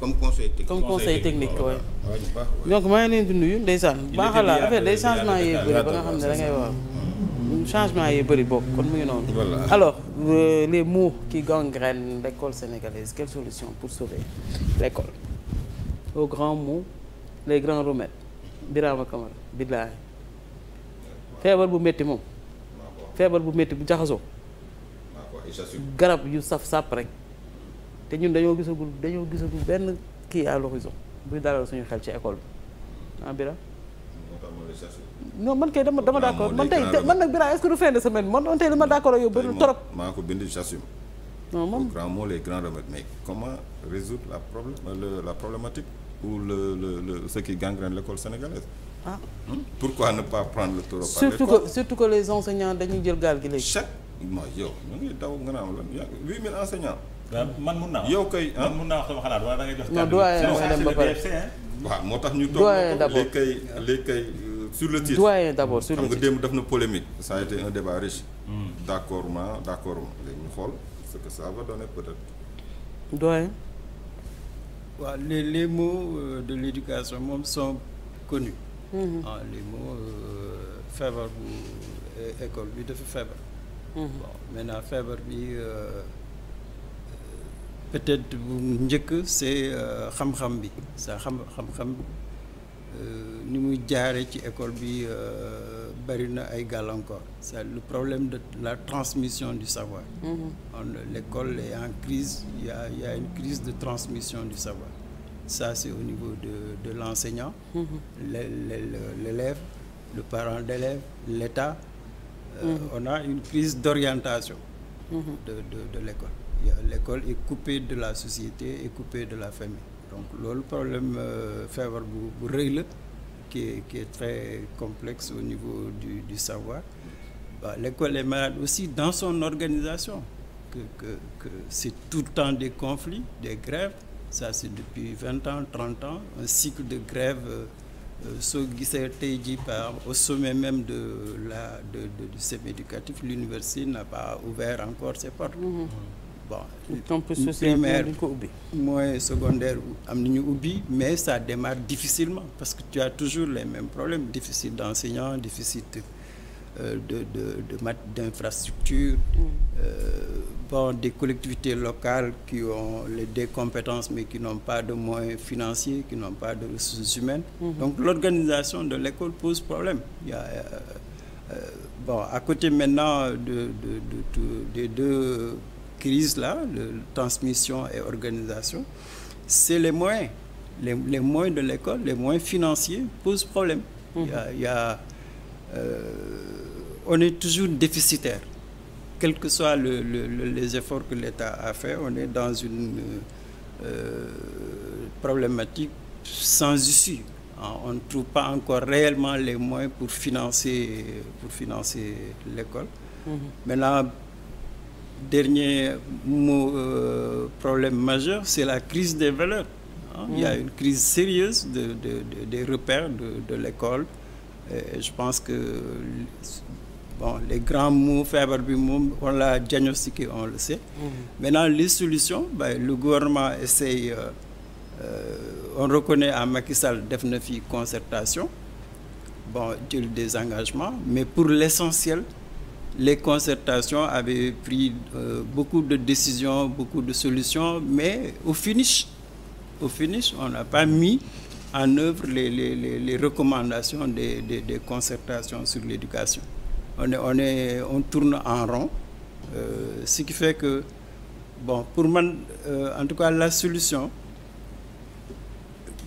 comme conseil technique comme conseil technique waaw donc maa ngi leen di nuyu ndeysaan baaxal la affaire day changement yee bëri ba nga xam ne dangay ngay mm. changement yee bëri bokk kon mu ngi noonu alors euh, les maux qui gangrènent sénégalaise quelle solution pour sauver l'école aux grands mots les grands remèdes Birama Kamara billaahi feebar bu métti moom feebar bu métti bu jaxasoo garab yu saf sàpp rek te ñun dañoo gisagul dañoo gisagul benn kii à l'horizon buy dalal suñu xel ci école bi ah Bira non man kay dama dama d'accord man tey man nag Bira est-ce que du fin de semaine man tey li ma d'accord a yow bëri trop maa ko bind j'assume non moom grand mot les grands remèdes mais comment résoudre la problème euh, la problématique ou le le le ce qui gangrène l'école sénégalaise ah hmm? pourquoi ne pas prendre le taureau par les cornes surtout que surtout que les enseignants dañuy jël gaal gi léegi chaque mois yow ñu huit mille enseignants man mun naa yow kay ah. man mun naa wax sama xalaat wala da ngay jox non doyen mooy dem ba pare waaw moo tax ñu toog léegi kay léegi kay euh, sur le titre doyen d'abord sur le titre xam nga démb def na polémique ça a été un débat riche hmm. d'accord ma d'accord ma léegi ñu xool ce que ça va donner peut-être doyen waaw les les mots euh, de l'éducation moom sont connus mm-hmm. ah les mots euh, feebar bu école bi dafa feebar mm-hmm. bon maintenant feebar bi peut-être bu njëkk c'est euh, xam-xam bi sa xam xam-xam euh, ni muy jaare ci école bi euh, bari na ay gàllankoor c'est le problème de la transmission du savoir on mm-hmm. l'école est en crise il y a il y a une crise de transmission du savoir ça c'est au niveau de de l'enseignant mm-hmm. l'élève le parent d'élève l'État euh, mm-hmm. on a une crise d'orientation de de de l'école l'école est coupée de la société et coupée de la famille donc loolu problème euh, feebar bu bu rëy la qui est très complexe au niveau du du savoir bah, l'école est malade aussi dans son organisation que c'est tout le temps des conflits des grèves ça c'est depuis vingt ans trente ans un cycle de grève euh, euh, soo gisee tey jii par au sommet même de la de, de du système éducatif l'université n'a pas ouvert encore ses portes mm bon primaire mooy secondaire am na ñu ubbi mais ça démarre difficilement parce que tu as toujours les mêmes problèmes déficit d'enseignants déficit euh, de de de mat d'infrastructure mm. euh, bon des collectivités locales qui ont les des compétences mais qui n'ont pas de moyens financiers qui n'ont pas de ressources humaines mm. donc l'organisation de l'école pose problème il y euh, euh, à côté maintenant de de de, de deux crise-là, de transmission et organisation, c'est les moyens. Les, les moyens de l'école, les moyens financiers posent problème. Mmh. Il y a, il y a, euh, on est toujours déficitaire. Quels que soient le, le, les efforts que l'État a fait, on est dans une euh, problématique sans issue. Ah, on ne trouve pas encore réellement les moyens pour financer, pour financer l'école. Mmh. Maintenant, dernier mot euh, problème majeur, c'est la crise des valeurs. Hein. Mmh. Il y a mm. une crise sérieuse de, de, de, des repères de, l'école. Je pense que bon, les grands mots, fièvre on l'a diagnostiqué, on le sait. Mmh. Maintenant, les solutions, ben, le gouvernement essaye, euh, euh, on reconnaît à Macky Sall, concertation, bon, des engagements, mais pour l'essentiel, les concertations avaient pris euh, beaucoup de décisions, beaucoup de solutions, mais au finish, au finish on n'a pas mis en œuvre les, les, les, les recommandations des, des, des, concertations sur l'éducation. On, est, on, est, on tourne en rond, euh, ce qui fait que, bon, pour moi, euh, en tout cas, la solution,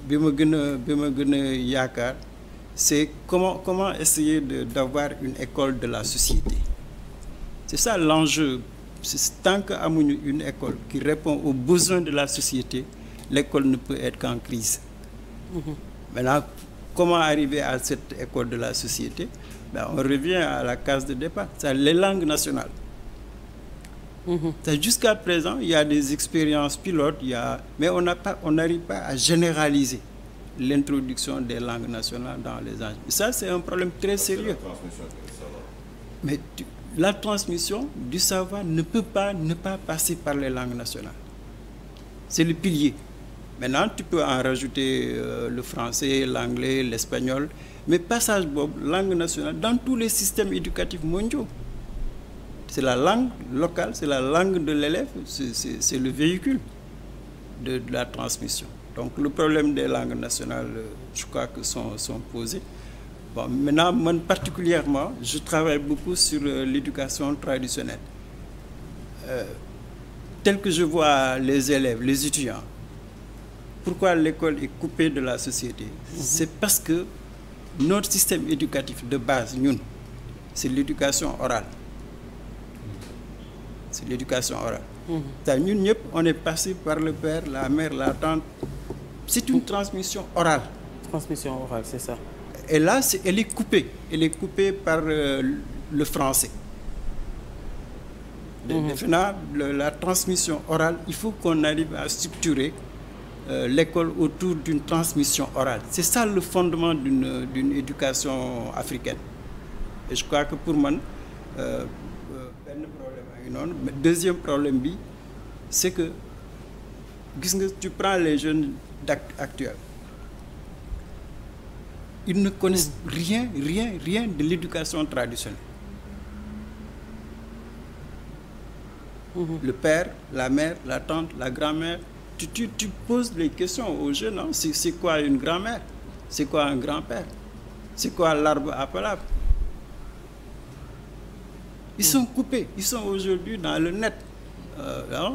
ma c'est comment, comment essayer d'avoir une école de la société. C'est ça l'enjeu. Tant qu'amuñu une école qui répond aux besoins de la société, l'école ne peut être qu'en crise. Mhm. comment arriver à cette école de la société? Ben, on revient à la case de départ, c'est les langues nationales. Mmh. Jusqu'à présent, il y a des expériences pilotes, il y mais on n'a pas, on n'arrive pas à généraliser l'introduction des langues nationales dans les âges. Ça, c'est un problème très sérieux. la transmission du savoir ne peut pas ne pas passer par les langues nationales. C'est le pilier. Maintenant, tu peux en rajouter euh, le français, l'anglais, l'espagnol, mais passage Bob, langue nationale, dans tous les systèmes éducatifs mondiaux. C'est la langue locale, c'est la langue de l'élève, c'est le véhicule de, de, la transmission. Donc le problème des langues nationales, euh, je crois que sont, sont posés. bon maintenant man particulièrement je travaille beaucoup sur euh, l'éducation traditionnelle euh, tel que je vois les élèves les étudiants pourquoi l'école est coupée de la société mmh. c'est parce que notre système éducatif de base ñun c'est l'éducation orale c'est l'éducation orale mhm. c'est ñun ñëpp on est passé par le père la mère la tante c'est une transmission orale transmission orale c'est ça Et là, est, elle est coupée. par euh, le français. Mhm. Maintenant, mmh. la transmission orale, il faut qu'on arrive à structurer euh, l'école autour d'une transmission orale. C'est ça le fondement d'une éducation africaine. Et je crois que pour moi, euh, euh problème Mais deuxième problème, c'est que tu prends les jeunes actuels. ils ne connaissent rien rien rien de l'éducation traditionnelle mm-hmm. le père la mère la tante la grand-mère tu, poses les questions au jeunes non c'est c'est quoi une grand-mère c'est quoi un grand-père c'est quoi l'arbre à palabres ils sont mm-hmm. coupés ils sont aujourd'hui dans le net euh,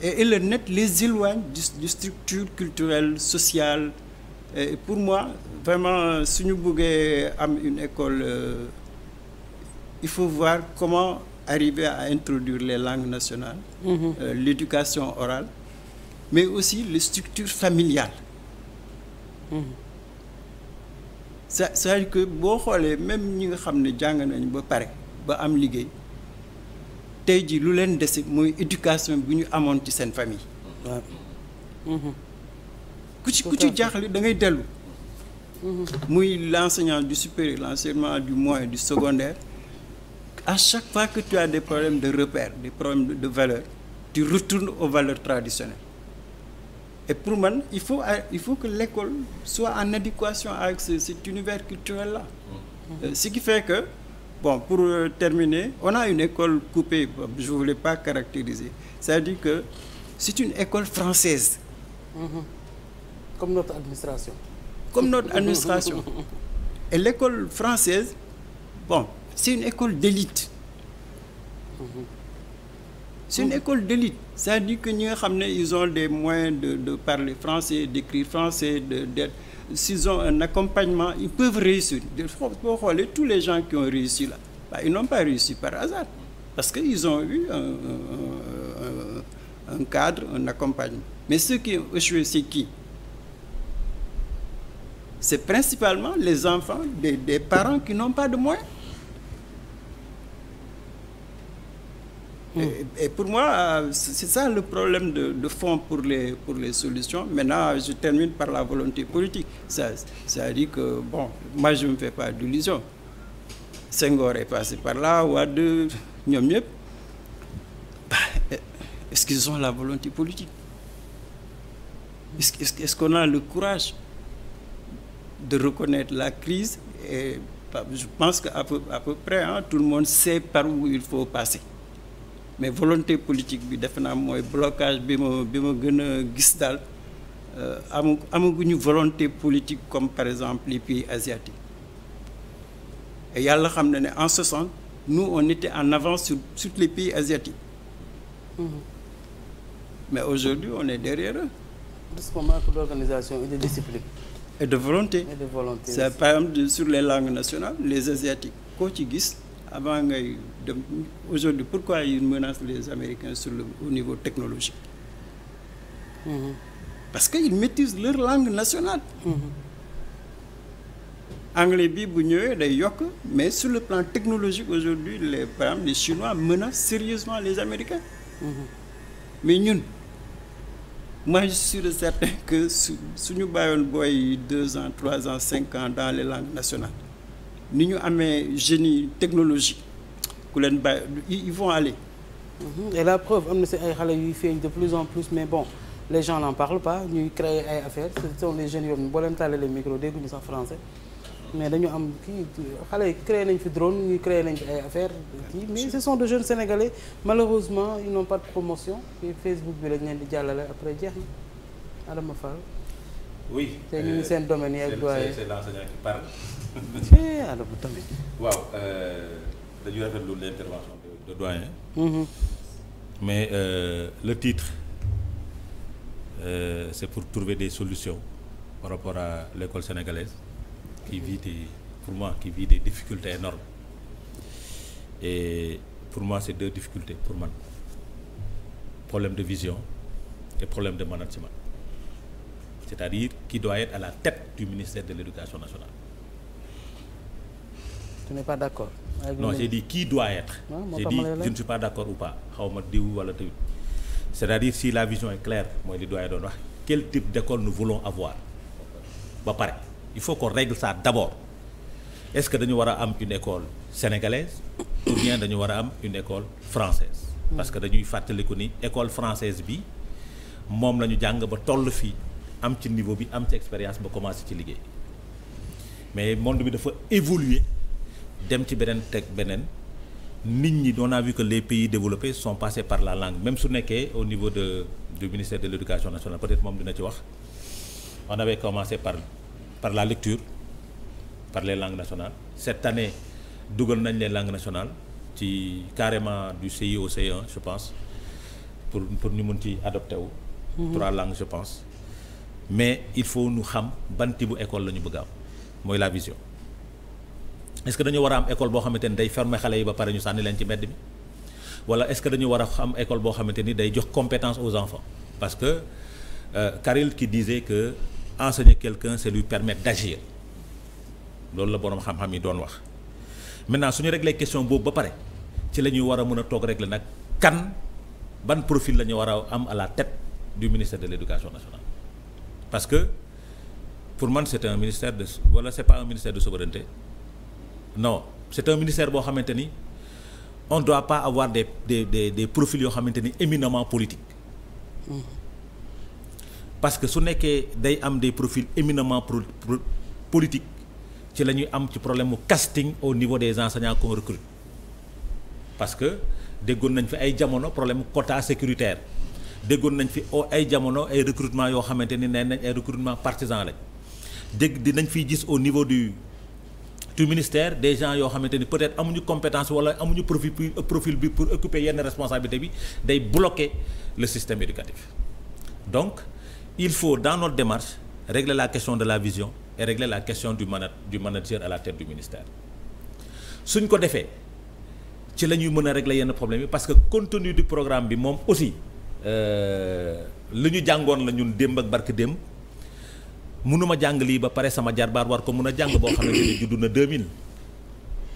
et, le net les éloigne du, du structure culturelle sociale pour moi vraiment si ñu bëggee am une école euh, il faut voir comment arriver à introduire les langues nationales mm -hmm. euh, l'éducation orale mais aussi les structures familiales mm -hmm. ça que boo xoolee même ñi nga xam ne jàng nañu ba pare ba am liggéey tey ji lu leen dese mooy éducation bi ñu amoon ci seen famille mhm. ku ci ku ci jaaxle da ngay dellu muy l'enseignant du supérieur l'enseignement du moyen du secondaire à chaque fois que tu as des problèmes de repères des problèmes de valeur tu retournes aux valeurs traditionnelles et pour man il faut il faut que l'école soit en adéquation avec ce, cet univers culturel là euh, ce qui fait que bon pour euh, terminer on a une école coupée je voulais pas caractériser c'est-à-dire que c'est une école française Comme notre administration. Comme notre administration. Et l'école française, bon, c'est une école d'élite. Mm-hmm. C'est une mm-hmm. école d'élite. C'est-à-dire que nous savons ils ont des moyens de, de parler français, d'écrire français, d'être. S'ils ont un accompagnement, ils peuvent réussir. Tous les gens qui ont réussi là, bah, ils n'ont pas réussi par hasard. Parce qu'ils ont eu un, un, un, un, cadre, un accompagnement. Mais ceux qui ont c'est qui c'est principalement les enfants des, des parents qui n'ont pas de moyens. Hmm. Et, pour moi, c'est ça le problème de, de, fond pour les, pour les solutions. Maintenant, je termine par la volonté politique. Ça, ça dit que, bon, moi, je ne me fais pas d'illusions. Senghor est passé par là, a Nyom Yep. Bah, Est-ce qu'ils ont la volonté politique Est-ce qu'on a le courage de reconnaître la crise et je pense qu'à peu, à peu près hein, tout le monde sait par où il faut passer mais volonté politique bi defe naa mooy blocage bi ma bi ma gën a gis daal euh, ama amaguñu volonté politique comme par exemple les pays asiatiques et yàlla xam na ne en ce nou on était en avant sur sur les pays asiatiques mm -hmm. mais aujourd'hui on est derrière eux. Parce qu'on manque d'organisation et de discipline. et de volonté. et de volonté c'est par exemple sur les langues nationales les asiatiques koo ci gis avant ngay dem aujourd'hui pourquoi ils menacent les américains sur le au niveau technologique. Mm-hmm. parce que ils maîtrisent leur langue nationale. Mm-hmm. anglais bi bu ñëwee day yokk mais sur le plan technologique aujourd'hui les par exemple les chinois menacent sérieusement les américains. Mmh. mais ñun. moi je suis sûr certain que su suñu bàyyoon booy yi deux ans trois ans cinq ans dans les langues nationales ni ñu amee génie technologie ku leen bàyyi ils vont aller. Mhm. et la preuve am na ai ay xale yuy feeñ de plus en plus mais bon les gens n'en parlent pas ñuy créer ay affaires sont les jeunes yoo xam ne micro dégguñu sax français. mais dañu am kii xale yi créé nañ fi drone ñu créé nañ fi ay affaires kii mais ce sont de jeunes sénégalais malheureusement ils n'ont pas de promotion Facebook bi lañ leen di jàllale après jeex na Adama Fall. te ñu ngi euh, seen domaine yi ak doyen c'est l'enseignant qui parle. Eh, Adama tamit. Euh, de doyen. Mmh. mais euh, le titre euh, c'est pour trouver des solutions par rapport à l'école sénégalaise. qui vit pour moi qui vit des difficultés énormes pour moi c'est deux difficultés pour man problème de vision et problème de management c'est-à-dire qui doit être à la tête du ministère de l'éducation nationale. tu n'es pas d'accord. non j'ai dit qui doit être. j'ai dit je ne suis pas d'accord ou pas xaw ma diw wala tamit c'est-à-dire si la vision est claire mooy li doyen doon wax quel type d'école nous voulons avoir ba pare. il faut qu'on règle ça d'abord est-ce que dañu war a am une école sénégalaise ou bien dañu war a am une école française parce que dañuy fàttaliku ni école française bi moom lañu jàng ba toll fii am ci niveau bi am ci expérience ba commencé ci liggéey mais monde bi dafa évoluer dem ci beneen teg beneen nit ñi on a vu que les pays développés sont passés par la langue même su nekkee au niveau de du ministère de l'éducation nationale peut-être moom dina ci wax on avait commencé par par la lecture par les langues nationales cette année dugal nañ les langues nationales ci carrément du CI au ce je pense pour pour ñu mën ci adopté wu. Mhm. trois langues je pense mais il faut ñu xam ban type bu école lañu ñu bëgg am mooy la vision est que dañu war a am école boo xamante ni day fermer xale yi ba pare ñu sànni leen ci mbedd mi walla est-ce dañu war a école boo xamante ni day jox compétence aux enfants parce que euh, Caril qui disait enseigner quelqu'un c'est lui permettre d'agir loolu la boroom xam-xam yi doon wax maintenant suñu régler question boobu ba pare ci la ñuy war a mën a toog régler nag kan ban profil la ñu war a am à la du ministère de l'éducation nationale parce que pour man c'est un ministère de wala c'est pas un ministère de non c'est un ministère boo xamante ni on doit pas avoir des des de des profils yoo xamante ni éminement politique. Mm-hmm. parce que su nekkee day am des profils éminemment pro, pro ci la ñuy am ci problème mu casting au niveau des enseignants qu'on recrute parce que déggoon nañ fi ay jamono problème quota sécuritaire déggoon nañ fi o ay jamono ay recrutement yoo xamante ni nee nañ ay recrutement partisan lañ dégg dinañ fiy gis au niveau du du ministère des gens yoo xamante ni peut-être amuñu compétence wala amuñu profil profil bi pour occuper yenn responsabilité bi day bloquer le système éducatif donc il faut dans notre démarche régler la question de la vision et régler la question du mana du manager à la tête du ministère suñ ko defee ci la ñuy mën a régler yenn problème yi parce que compte tenu du programme bi moom aussi euh, li ñu jàngoon la ñun démb ak barke démb mënuma jàng lii ba pare sama jarbaar war ko mën a jàng boo xam ne judd na mille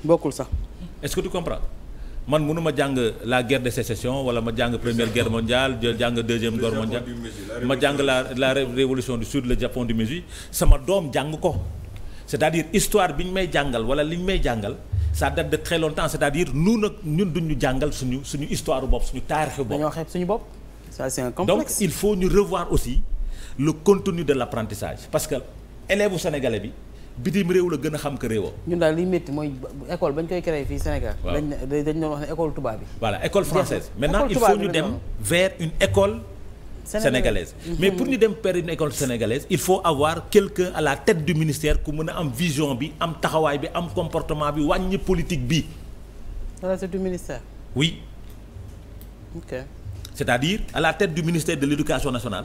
bokkul sax. man mënu jàng la guerre de sécession wala ma jàng première guerre mondiale jàng deuxième guerre mondiale ma jàng la la révolution du sud le Japon du Meiji sama doom jàng ko c'est-à-dire histoire bi ñu may jàngal wala li ñu may jàngal sa date de très longtemps c'est-à-dire nous nag ñun duñu jàngal suñu suñu histoire bopp suñu taarixu bopp. dañoo xeeb suñu bopp. ça c'est un complexe donc il faut ñu revoir aussi le contenu de l'apprentissage parce que élève sénégalais bi. bitim réew la gën a xam que réewam. ñun daal liy métti mooy école bañ koy créé fii Sénégal. waaw dañ dañ doon wax ne école tubaab bi. voilà école française maintenant il faut ñu dem vers une école. sénégalaise mhm. mais pour ñu dem perdre une école sénégalaise il faut avoir quelqu'un à la tête du ministère ku mën a am vision bi am taxawaay bi am comportement bi wàññi politique bi. à la ministère. oui. ok c'est-à-dire à la tête du ministère de l'éducation nationale.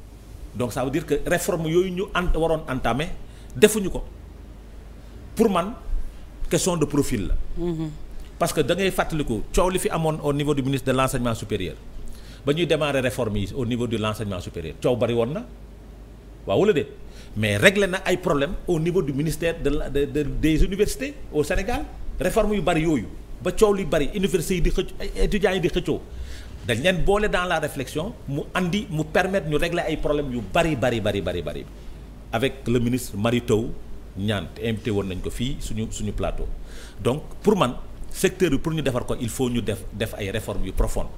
donc ça veut dire que réforme yooyu ñu ant waroon entamé defuñu ko pour man question de profil la. Mmh. parce que da ngay fàttaliku coow li fi amoon au niveau du ministre de l' enseignement supérieur ba ñuy démarrer réforme yi au niveau de l' enseignement supérieur coow bari woon na waaw wala déet mais réglé na ay problème au niveau du ministère de la de, des universités au Sénégal réforme yu bari yooyu ba coow li bari université yi di xëcc étudiants yi di xëccoo. dañ leen boole dans la réflexion mu indi mu permettre ñu regle ay problèmes yu bari bari bari bari bari avec le ministre Mary Teuw Niane te invité woon nañ ko fii suñu suñu plateau donc pour man secteur bi pour ñu defar ko il faut ñu def def ay réformes yu profondes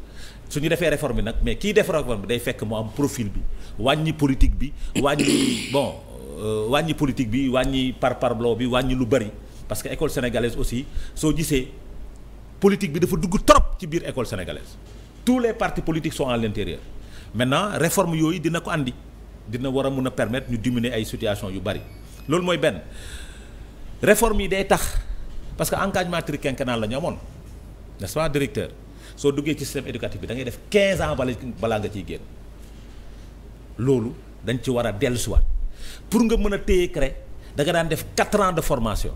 su ñu defee réforme bi nag mais kiy def réforme bi day fekk mu am profil bi wàññi politique bi wàññi bon euh, wàññi politique bi wàññi par parbloo bi wàññi lu bari parce que école sénégalaise aussi soo gisee politique bi dafa dugg trop ci biir école sénégalaise tous les partis politiques sont à l'intérieur maintenant réforme yooyu dina ko andi dina war a mun a permettre ñu diminuer ay situation yu bari loolu mooy benn réforme yi day tax parce que engagement triquinquennal la ñu amoon n'est-ce pas directeur soo duggee ci système éducatif bi da ngay def 15 ans bala nga ciy génn loolu dañ ci war a dellusiwaat pour nga mën a téye CREC da nga daan def 4 ans de formation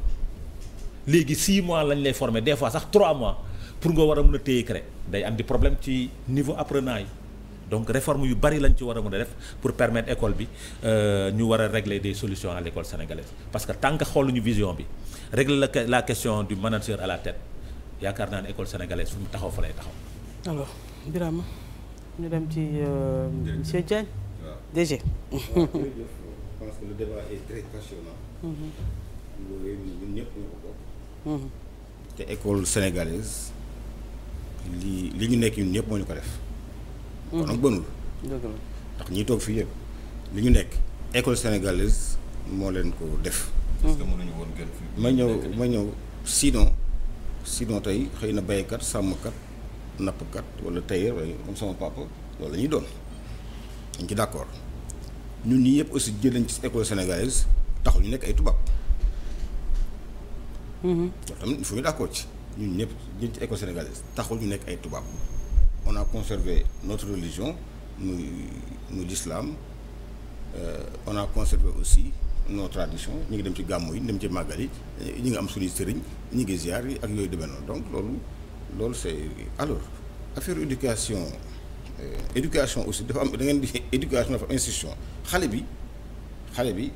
léegi 6 mois lañ lay former des fois sax trois mois. pour nga war a mën a téye CREC day am di problème ci niveau apprenant yi donc réforme yu bari lañ ci war a mën a def pour permettre école bi euh, ñu war a régler des solution à l'école sénégalaise parce que tant que ñu vision bi régler la la question du manager à la tête yaakaar naa ne école sénégalaise fu mu taxaw fa lay taxaw. alors Birama ñu dem ci euh, monsieur Diagne. DG. je pense que mhm. mhm. te école sénégalaise. li li ñu nekk ñun ñëpp moo ñu ko def. Mhm. kon nag bënul. ndax ñi toog fii yëpp li ñu nekk école sénégalaise moo leen ko def. Mhm. est-ce que ma ñëw ma ñëw sidon sidon tey xëy na baykat sàmmkat nappkat wala tailleur comme sama papa loolu doon dañ ci d'accord ñun ñii yëpp aussi jël nañ ci école sénégalaise taxul ñu nekk ay tubaab. Mhm. loolu tamit il ñu d'accord ci. ñu ñëpp ñun ci école sénégalaise taxul ñu nekk ay tubaab on a conservé notre religion muy muy l'islam euh, on a conservé aussi nos traditions ñu ngi dem ci gàmmu yi ñu ci màggal ñu ngi am suñuy sëriñ ñu ngi ziar yi ak yooyu demee noonu donc loolu loolu c'est alors affaire éducation euh, éducation aussi dafa am dangeen ngeen di éducation dafa am institution xale bi xale bi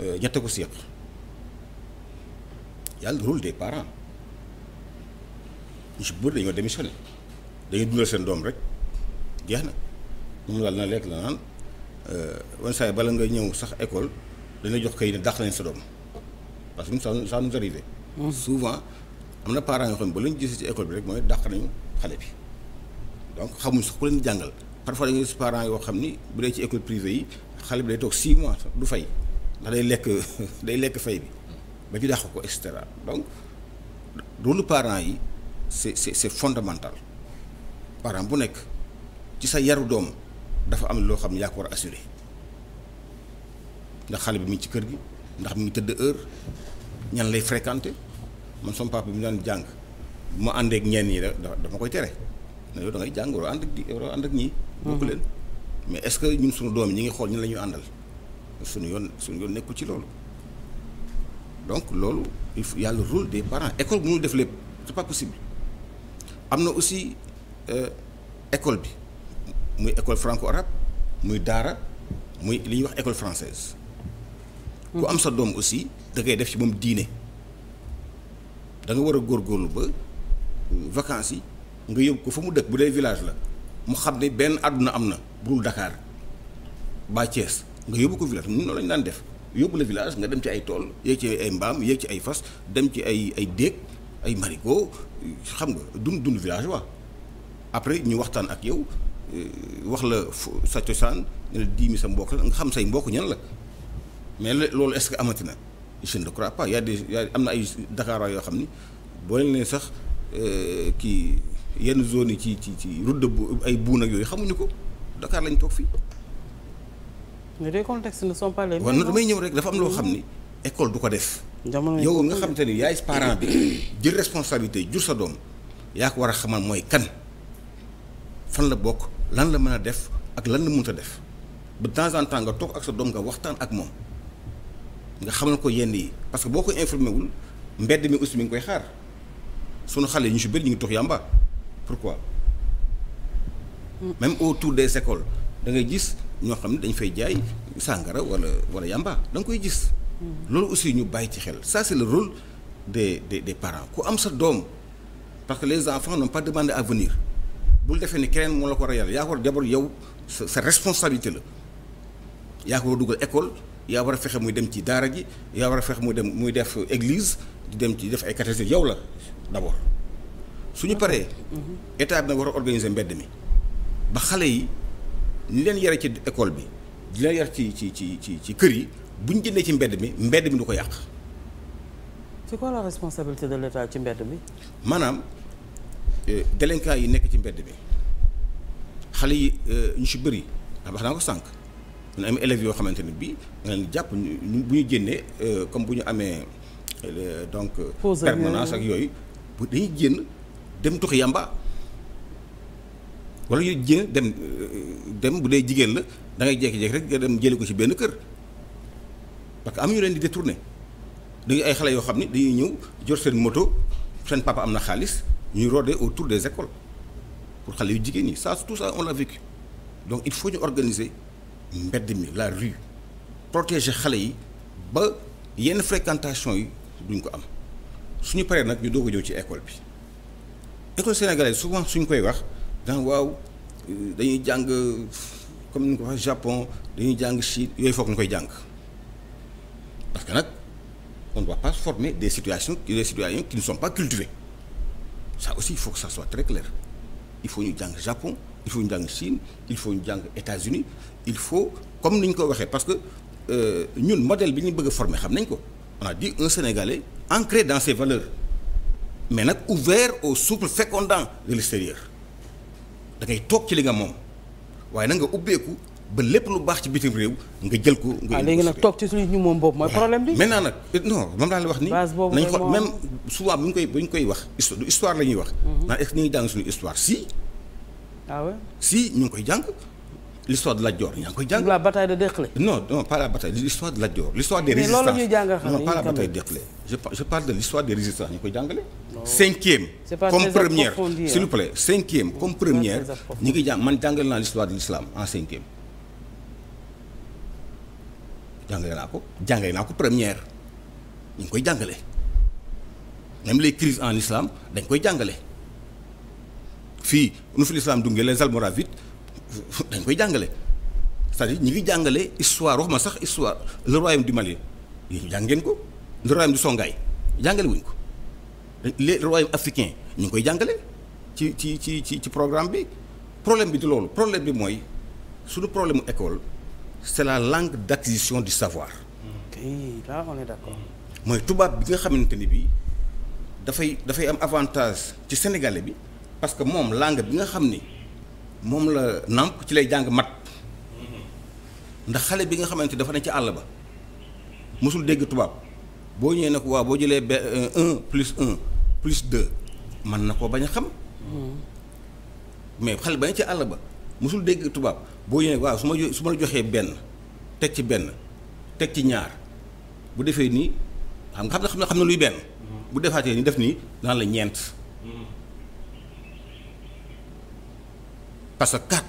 euh, ñette ko seq yàlla rôle des parents ñu si bëri dañoo démissionné dañuy dundal seen doom rek jeex na moom daal na lekk la naan euh, wan saa yi bala nga ñëw sax école dañuy jox kay ne dàq nañ sa doom parce que ça ça nous arrivé. souvent am na parent yoo xam ne ba la ñu gisee ci école bi rek mooy dàq nañu xale bi donc xamuñ sax ku leen jàngal parfois da yoo xam ni bu dee ci école privée yi xale bi day toog 6 mois du fay ndax day lekk day lekk fay bi ba ñu dàq ko et cetera donc rôle parents yi. c'est c'est c'est fondamental parent bu nekk ci sa yaru doom dafa am loo xam ne yaa ko war a ndax xale bi mu ci kër gi ndax mu ngi tëdd heure ñan lay fréquenter man sama bi mu daan jàng bu ma àndee ak ñenn ñi da dama koy tere na yow da ngay jàng waroo ànd di waroo ànd ak ñii. Mm-hmm. bokk leen mais est-ce que ñun suñu doom yi ñu ngi xool ñun la ñuy àndal suñu yoon suñu yoon nekkul ci loolu donc loolu il faut yàlla rôle des parents école bu ñu def lépp c'est pas possible. am na aussi euh, école bi muy école franco-arabe muy daara muy li ñuy wax école française ku am sa doom aussi dangay def ci moom diine danga nga war a góorgóorlu ba vacances yi nga yóbbu ko fa mu dëkk bu dee village la mu xam ne benn àdduna am na bu dul Dakar ba nga yóbbu ko village noonu la ñu daan def yóbbu la village nga dem ci ay tool yéeg ci ay mbaam yéeg ci ay fas dem ci ay ay déeg ay marigots xam nga dund dund village waa après ñu waxtaan ak yow euh, wax la sa cosaan ne la diimi sa mbokk la nga xam say mbokk ñan la mais loolu est-ce que amati na je de crois pas y a am na ay dakaara yoo xam ni boo leen ne sax euh, kii yenn zone yi ci ci ci route de ay buun ak yooyu xamuñu ko dakaar lañ toog fii. mais les contextes ne sont pas les mêmes. damay ñëw rek dafa am loo xam ni. Mm-hmm. école du ko def. yow nga xam te ni yaay parent bi jël responsabilité jur sa doom yaa ko war a xamal mooy kan fan la bokk lan la mën a def ak lan la mun a def ba de temps en temps nga toog ak sa doom nga waxtaan ak moom nga xamal ko yenn yi parce que boo ko informé wul mbedd mi aussi mi ngi koy xaar sunu xale yi ñu si bëri ñu ngi tox yàmba quoi même autour des écoles da ngay gis ñoo xam ne dañ fay jaay sàngara wala wala yàmba da nga koy gis. loolu aussi ñu bàyyi ci xel ça c'est le rôle des des des parents ku am sa doom parce que les enfants n'ont pas demandé à venir bul defe ni keneen moo la ko war a yàlla yaa ko war a jabar yow sa sa responsabilité la yaa ko war a dugal école yaa war a fexe muy dem ci daara ji yaa war a fexe muy dem muy def église di dem ci def ay catéchèse yow la d'abord suñu paree état bi nag war a organiser mbedd mi ba xale yi ni leen yare ci école bi di leen yar ci ci ci ci ci kër yi bu ñu jëndee ci mbedd mi mbedd bi du ko yàq. c'est quoi la ci mbedd mi. maanaam euh, délinquants yi nekk ci mbedd mi xale yi euh, ñu ci bëri wax naa ko sànq ñu élèves yoo xamante ne bii nga leen jàpp bu ñu génnee euh, comme bu ñu amee donc. permanence ak yooyu bu dañuy génn dem tux yàmba wala ñu génn dem dem bu dee jigéen la da ngay jékki-jékki rek nga dem jëli ko ci benn kër. parce que am ñu leen di détourné dañuy ay xale yoo xam ni dañuy ñëw jor seen moto seen papa am na xaalis ñuy rôder autour des écoles pour xale yu jigéen ñi ça tout ça on l'a donc il faut ñu organiser mbedd mi la rue protéger xale yi ba yenn fréquentation yi duñ ko am suñu paree nag ñu doog a ñëw ci école bi école sénégalaise souvent suñ koy wax daan waaw euh, dañuy jàng comme ni ko wax Japon dañuy jàng Chine yooyu foog ñu koy jàng parce que nag on ne doit pas former des situations des citoyens qui ne sont pas cultivés ça aussi il faut que ça soit très clair il faut ñu jàng Japon il faut ñu jàng Chine il faut ñu jàng États-Unis il faut comme ni ñu ko waxee parce que euh, ñun euh, bi ñu bëgg a former xam nañ ko on a dit un Sénégalais ancré dans ses valeur mais nag ouvert au souffle fécondant de l'extérieur da ngay toog ci li nga moom waaye na nga ubbeeku ba lépp lu baax ci bitim réew nga jël ko. nga ah, léegi nag toog moom boobu mooy problème bi. naa nag euh, non moom laa la ko même souvent koy wax. histoire la ñuy wax. Mhm. naan est-ce que si. Ah si ñu ngi koy jàng. l'histoire de Lat Dior yaa ngi koy jàng. la bataille de Dekle. non ñu koy jàngale. cinquième. comme première s'il vous naa l'histoire en cinquième jàngale naa ko jàngale naa ko première ñu ngi koy jàngale même les crises en islam dañ koy jàngale fii nu fi l'islam dungee les almoravides dañ koy jàngale cest à ñu ngi jàngale histoire wax ma sax histoire le royaume du Mali yéen jàng ko le royaume du Songhai jàngale wuñ ko les royaume africain ñu ngi koy jàngale ci ci ci ci ci programme bi problème bi di loolu problème bi mooy suñu problème mu école. c'est la langue d'acquisition du savoir. Okay, là mooy tubaab bi nga xamante ni bii dafay dafay am avantage ci sénégalais bi parce que moom langue bi nga xam ni moom la nàmp ci lay jàng mat ndax xale bi nga xamante dafa ne ci àll ba mosul dégg tubaab boo ñëwee ne ko waa boo jëlee ba euh, un plus un plus de mën na ko bañ a xam hmm. mais xale ba ne ci àll ba. mosul dégg tubaab boo ñëwee waaw su ma su ma joxee benn teg ci benn teg ci ñaar bu defee nii xam nga xam ne xam na luy benn mm-hmm. bu defaatee ni def nii daan la ñeent mm-hmm. parce que quatre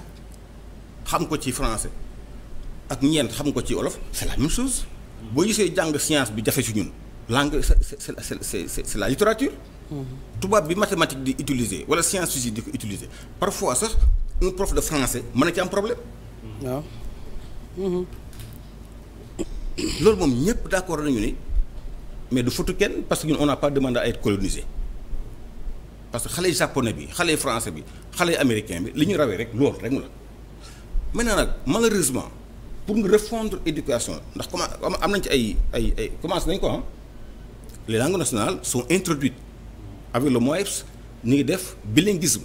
xam ko ci français ak ñeent xam ko ci olof c'est la même chose mm-hmm. boo gisee jàng science bi jafe ci ñun langue c'est c'est c'est la littérature tubaab bi mathématique di utiliser wala science physique di ko utiliser parfois sax un prof de français mën na ci am problème. waaw. loolu moom ñëpp d' accord nañu ni mais du futu kenn parce que ñun on n'a pas demandé à colonisé parce que xale yi japonais bi xale français bi xale yi américain bi li ñu rawee rek loolu rek mu la. maintenant nag malheureusement pour nga refondre éducation ndax comment am nañ ci ay ay commence nañ ko ah les langues nationales sont introduites avec le MOEPS ñu ngi def bilinguisme.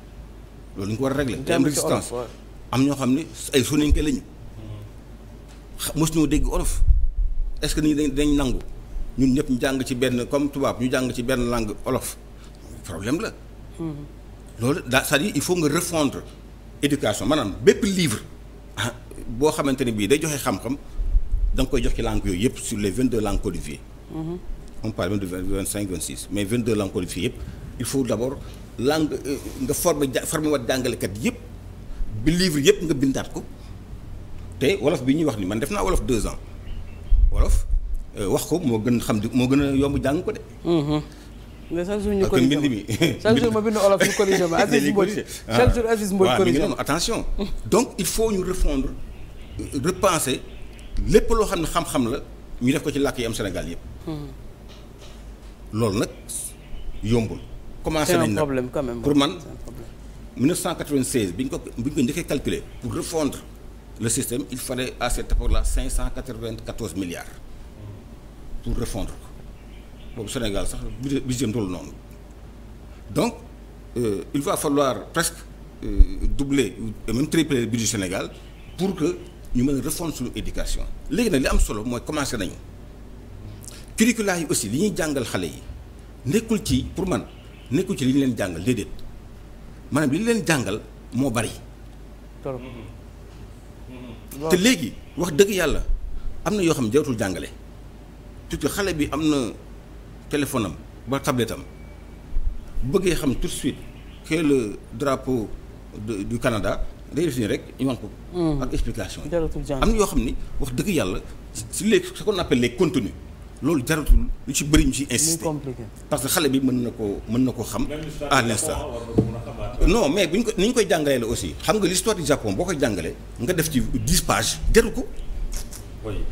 loolu ñu ko war a régler te am am ñoo xam ne ay soninke lañu mm-hmm. mos ñoo olof est-ce que nit ñi dañ nangu ñun ñëpp jàng ci benn comme tubaab ñu jàng ci benn langue olof problème la mm-hmm. loolu daa c'est-à-dire il faut nga refondre éducation maanaam bépp livre ah, boo xamante ni bii day joxe xam-xam da nga koy jox ci langue yooyu yëpp sur les vingt deux langues codifiées mm-hmm. on parle même de vingt mais vingt deux langues codifiées yëpp il faut d'abord langue euh, nga former formé wat jàngalekat yëpp bi livre yëpp nga bindaat ko te wolof bi ñuy wax ni man def naa wolof deux ans wolof euh, wax ko moo gën xam di moo gën a yomb jàng ko de. mais mm-hmm. chaque jour ñu corrigé mbind mi chaque jour ma bind olof ñu corrigé ma ah. Aziz Mbodj chaque attention donc il faut ñu refondre repenser lépp loo xam ne xam-xam la ñu def ko ci làkk yi am Sénégal yëpp mm-hmm. loolu nag yombul commencé nañ na problème quand même pour man 1996 bi ñu ko bi ñu ko njëkkee calculer pour refondre le système il fallait à cet époque-là 594 milliards pour refondre ko boobu Sénégal sax budget ndóol noonu donc euh, il va falloir presque euh, doubler et même Sénégal pour que ñu mën a refondre suñu éducation léegi nag li am solo mooy commencé nañu curricula yi aussi li ñuy jàngal xale yi nekkul ci pour man nekku ci li ñu leen jàngal déedéet maanaam li ñu leen jàngal moo bari mm-hmm. Mm-hmm. te léegi wax dëgg yàlla am na yoo xam ne jawatul jàngale tuuti xale bi am na téléphone am ba tablette bëggee xam tout de suite que le du kanada day def rek ñu wan ko. Mm. ak explication yi. am na yoo xam ni wax dëgg yàlla si léegi ce qu'on appelle les contenus loolu jaratul lu ci bëri ñu ci insister parce que xale bi mën na koo mën na koo xam à l'instant non mais bu ñu ko ni ñu koy jàngalee la aussi xam nga l'histoire du Japon boo koy jàngalee nga def ci dix pages jaru ko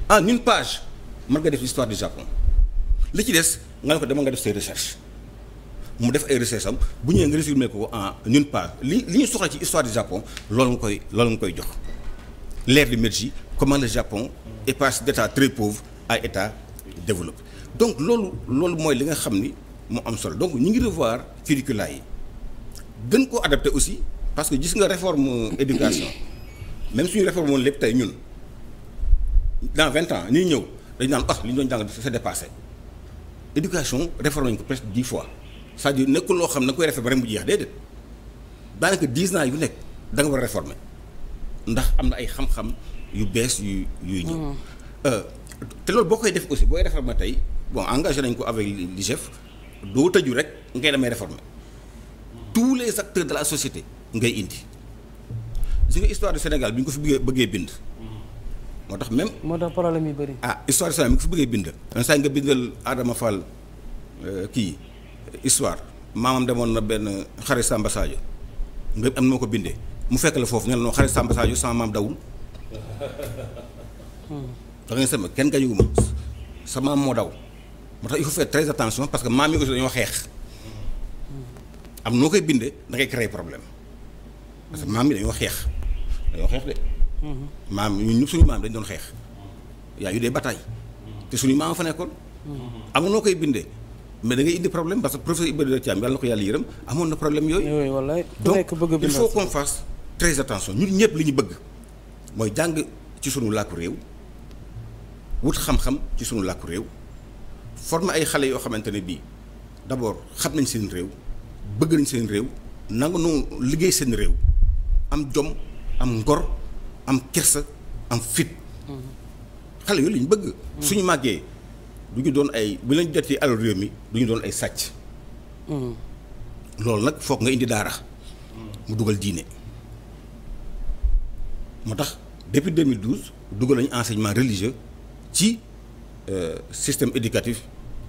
en une page mën nga def l'histoire du Japon li ci des nga ne ko dama nga def say recherche mu def ay recherche am bu ñëwee nga résumé ko ko en une page li li ñu soxla ci histoire du Japon loolu nga koy loolu nga koy jox l'ère du Meiji comment le Japon mm. est passé d'état très pauvre à état développe donc loolu loolu mooy li nga xam ni mu am solo donc ñu ngi revoir curricula yi gën koo adapté aussi parce que gis nga réforme éducation même suñu réforme woon lépp tey ñun dans vingt ans ñuy ñëw dañ naan ah li ñu doon jàng c'est dépassé éducation réforme nañu ko presque dix fois c'est-à-dire loo xam na koy réformer rek mu jeex déedéet daanaka dix ans yu nekk da nga war a réformer ndax am na ay xam-xam yu bees yu yuy ñëw mm. euh, te loolu boo koy def aussi booy réformer tey bon engagé nañ ko avec l'IGF doo tëju rek ngay damay réformer tous les acteurs de la société ngay indi gis nga histoire du Sénégal bi ñu ko fi bëggee bind. moo tax même moo tax problème yi bëri. ah histoire du Sénégal bi ñu ko fi bëggee bind. yenn saa nga bindal Adama Fall euh, kii histoire maamam demoon na benn xarit Samba Sadio nga am noo ko bindee mu fekk la foofu ñu ne la non xarit Samba Sadio sama maam dawul. Hmm. da sama kenn gañu ma sa maam moo daw moo tax il faut faire très attention parce que maam yi aussi dañoo xeex am noo koy bindee da ngay créer problème parce que maam yi dañoo xeex dañoo xeex de. maam ñun ñëpp suñu maam dañ doon xeex yaa yu dee bataille te suñu maam fa nekkoon. am noo koy bindee. mais da ngay indi problème parce que professeur Ibrahima Thiam yàlla na ko yàlla yërëm amoon na problème yooyu. yooyu wallaay ku nekk bëgg donc il faut qu'on fasse très attention ñëpp li ñu bëgg mooy jàng ci sunu làkku réew. wut xam-xam ci sunu làkku réew former ay xale yoo xamante ne bii d'abord xam nañ seen réew bëgg nañ seen réew nangu nu liggéey seen réew am jom am ngor am kersa am fit mm-hmm. xale yooyu lañ bëgg. Mm-hmm. suñu màggee du ñu doon ay bu lañ jotee alal réew mi du ñu doon ay sàcc. Mm-hmm. loolu nag foog nga indi daara. mu dugal diine. moo tax depuis 2012 dugal nañ enseignement religieux. ci euh, système éducatif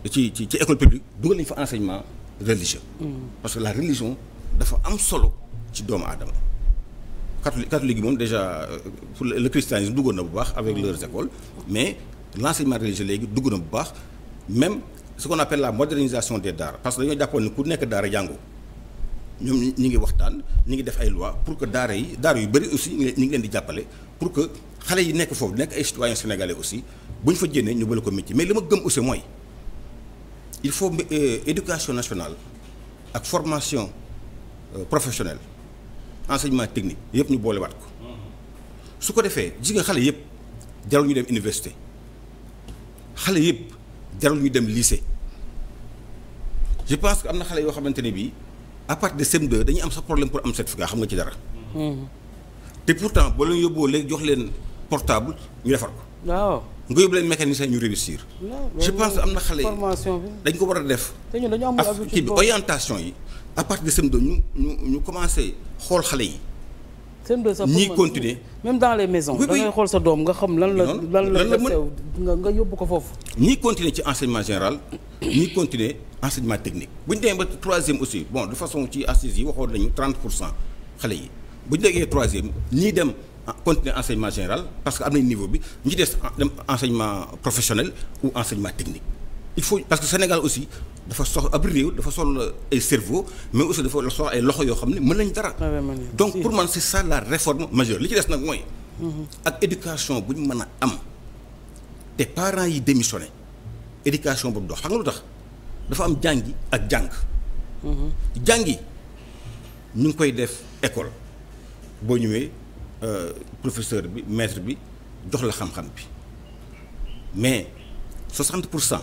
ci ci ci école publique dugal nañu fa enseignement religieux. Mm. parce que la religion dafa am solo ci doomu aadama. catholique catholique yi moom déjà euh, pour le christianisme duggoon na bu baax avec mm. leurs écoles mais l'enseignement religieux léegi dugg na bu baax même ce qu'on appelle la modernisation des daara parce que dañoo jàppoon ni ku nekk daara jàngu ñoom ñi ngi waxtaan ñi ngi def ay loi pour que daara yi daara yu bëri aussi ñi ngi leen di pour que xale yi nekk foofu nekk ay citoyens sénégalais aussi bu ñu fa jëndee ñu bële ko métier mais li ma gëm aussi mooy il faut euh, éducation nationale ak formation euh, professionnelle enseignement technique yëpp ñu boolewaat ko su ko defee ji nga xale yëpp jarul ñu dem université xale yëpp jarul ñu dem lycée je pense que am na xale yoo xamante ne bii à de CM2 dañuy am sa problème pour am certificat xam nga ci dara. Mm-hmm. te pourtant boo leen yóbboo léegi jox leen portable ñu defar ko. nga yóbbu leen mécanicien ñu réussir. je pense am na xale yi bi dañ ko war a def. te ñun dañoo amul habitude kii bi orientation yi à de sem2 ñu ñu ñu commencé xool xale yi. sem2 sax ñiy continuer même dans les maisons. da ngay xool sa doom nga xam lan la. lan la nga nga yóbbu ko foofu. ñiy continuer ci enseignement général ñiy continuer enseignement technique bu ñu demee ba troisième aussi bon de façon ci assises yi waxoon nañu 30 pour cent xale yi bu ñu déggee troisième ñiy dem. Ah, continuer enseignement général parce que am nañ niveau bi ñu des dem enseignement professionnel ou enseignement technique il faut parce que Sénégal aussi dafa soxla ab réew dafa soxla ay cerveau mais aussi dafa soxla ay loxo yoo xam ne mën nañ dara donc pour man c'est ça la réforme majeure li ci des nag mooy mhm. ak éducation bu ñu mën a am te parents yi démissionné éducation boobu dox xam nga lu tax dafa am jàngi ak jàng mhm. jàngi ñu ngi koy def école boo ñëwee Euh, professeur bi maitre bi jox la xam-xam bi mais 60 pour cent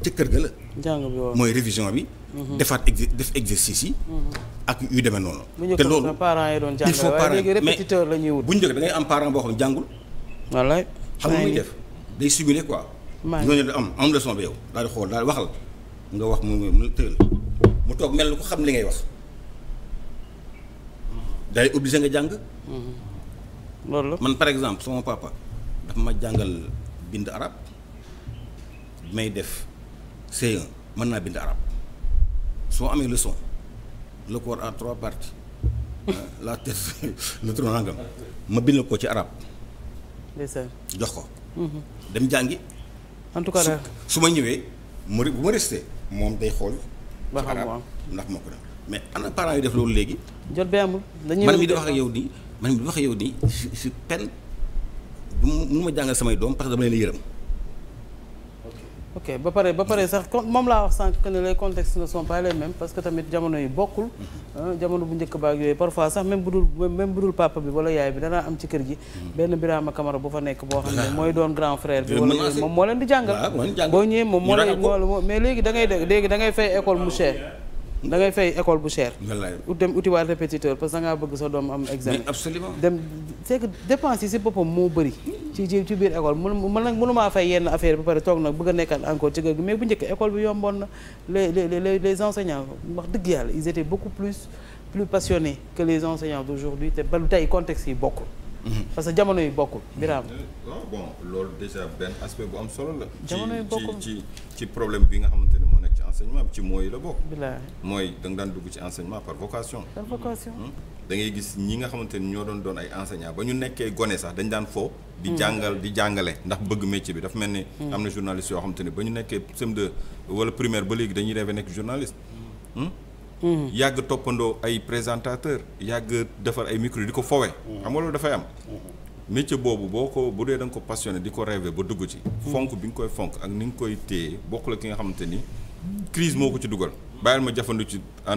ci kër ga la. jàng bi mooy révision bi. Mhm. defaat exe def exercice yi. Mhm. ak yu demee noonu. te loolu parents yi doon jàng il faut parents léegi répétiteur la ñuy wut. bu ñu njëkk da am parent boo xam ne jàngul. wallaay xam nga muy def day simuler quoi. maa ngi da am am leçon bi yow daal xool daal waxal nga wax mu mu tëral mu toog mel ni ko xam li ngay wax. Mhm. day obligé nga jàng. loolu la man par exemple sama papa daf ma jàngal bind arab may def c mën naa bind arab soo amee leçon le corps à trois parties la tête le tronc ma bind ko ci arab jox ko mhm. dem jàngi en tout cas su ma ñëwee ma bu ma resté moom day xool ci arab ndax moo ko def mais ana parents yu def loolu léegi jot bi amul dañuy man mi di wax ak yow nii man mi wax yow nii su su pen du mu ma jàngal samay doom parce que dama leen yërëm. ok ba pare ba pare sax moom laa wax sànq que ne les contextes ne sont pas les parce que tamit jamono yi bokkul mhm. ah, jamono bu njëkk baak yooyu parfois sax même bu dul même bu dul papa bi wala yaay bi danaa am ci kër gi mhm. benn Birama Kamara bu fa nekk boo xam ne ah. mooy doon grand frère bi wala moom moo leen di jàngal boo ñëwee moo lay mais léegi da ngay léegi da ngay fay école mu cher da ngay fay école bu cher. wallaay ut dem uti waat répétiteur parce que da ngaa bëgg sa doom am examen. mais absolument dem c'est dépense yi si boppam moo bëri. ci ci biir école mën mën yenn affaire ba pare toog nag bëgg a nekkaat encore ci kër gi mais bu njëkk école bi yomboon na les les les enseignants wax dëgg yàlla ils étaient beaucoup plus plus passionnés que les enseignants d'aujourd'hui te ba tey contexte yi bokkul. parce que jamono yi bokkul Birame ah, loolu déjà benn aspect bu am solo la jamono yi bokkul ci ci problème bi nga xamante ne moo nekk ci enseignement bi ci mooy la bokk mooy da nga daan dugg ci enseignement par vocation par vocation hmm? da gis ñi nga xamante ni ñoo doon doon ay enseignant ba ñu nekkee gone sax dañ daan foo di hmm. jàngal di jàngale ndax bëgg métier bi dafa mel ni hmm. am na journaliste yoo xamante ni ba ñu nekkee CM2 wala primaire ba léegi dañuy rêvé nekk journaliste Mm-hmm. yàgg toppandoo ay présentateur yàgg defar ay micro di ko fowe mm-hmm. xam loolu dafay am mm-hmm. métier boobu boo ko bu dee da ko passionné di ko rêvé ba dugg ci fonk bi nga koy fonk ak ni nga koy téye bokk la ki nga xamante ni crise moo ko ci dugal bàyyil ma jafandu ci en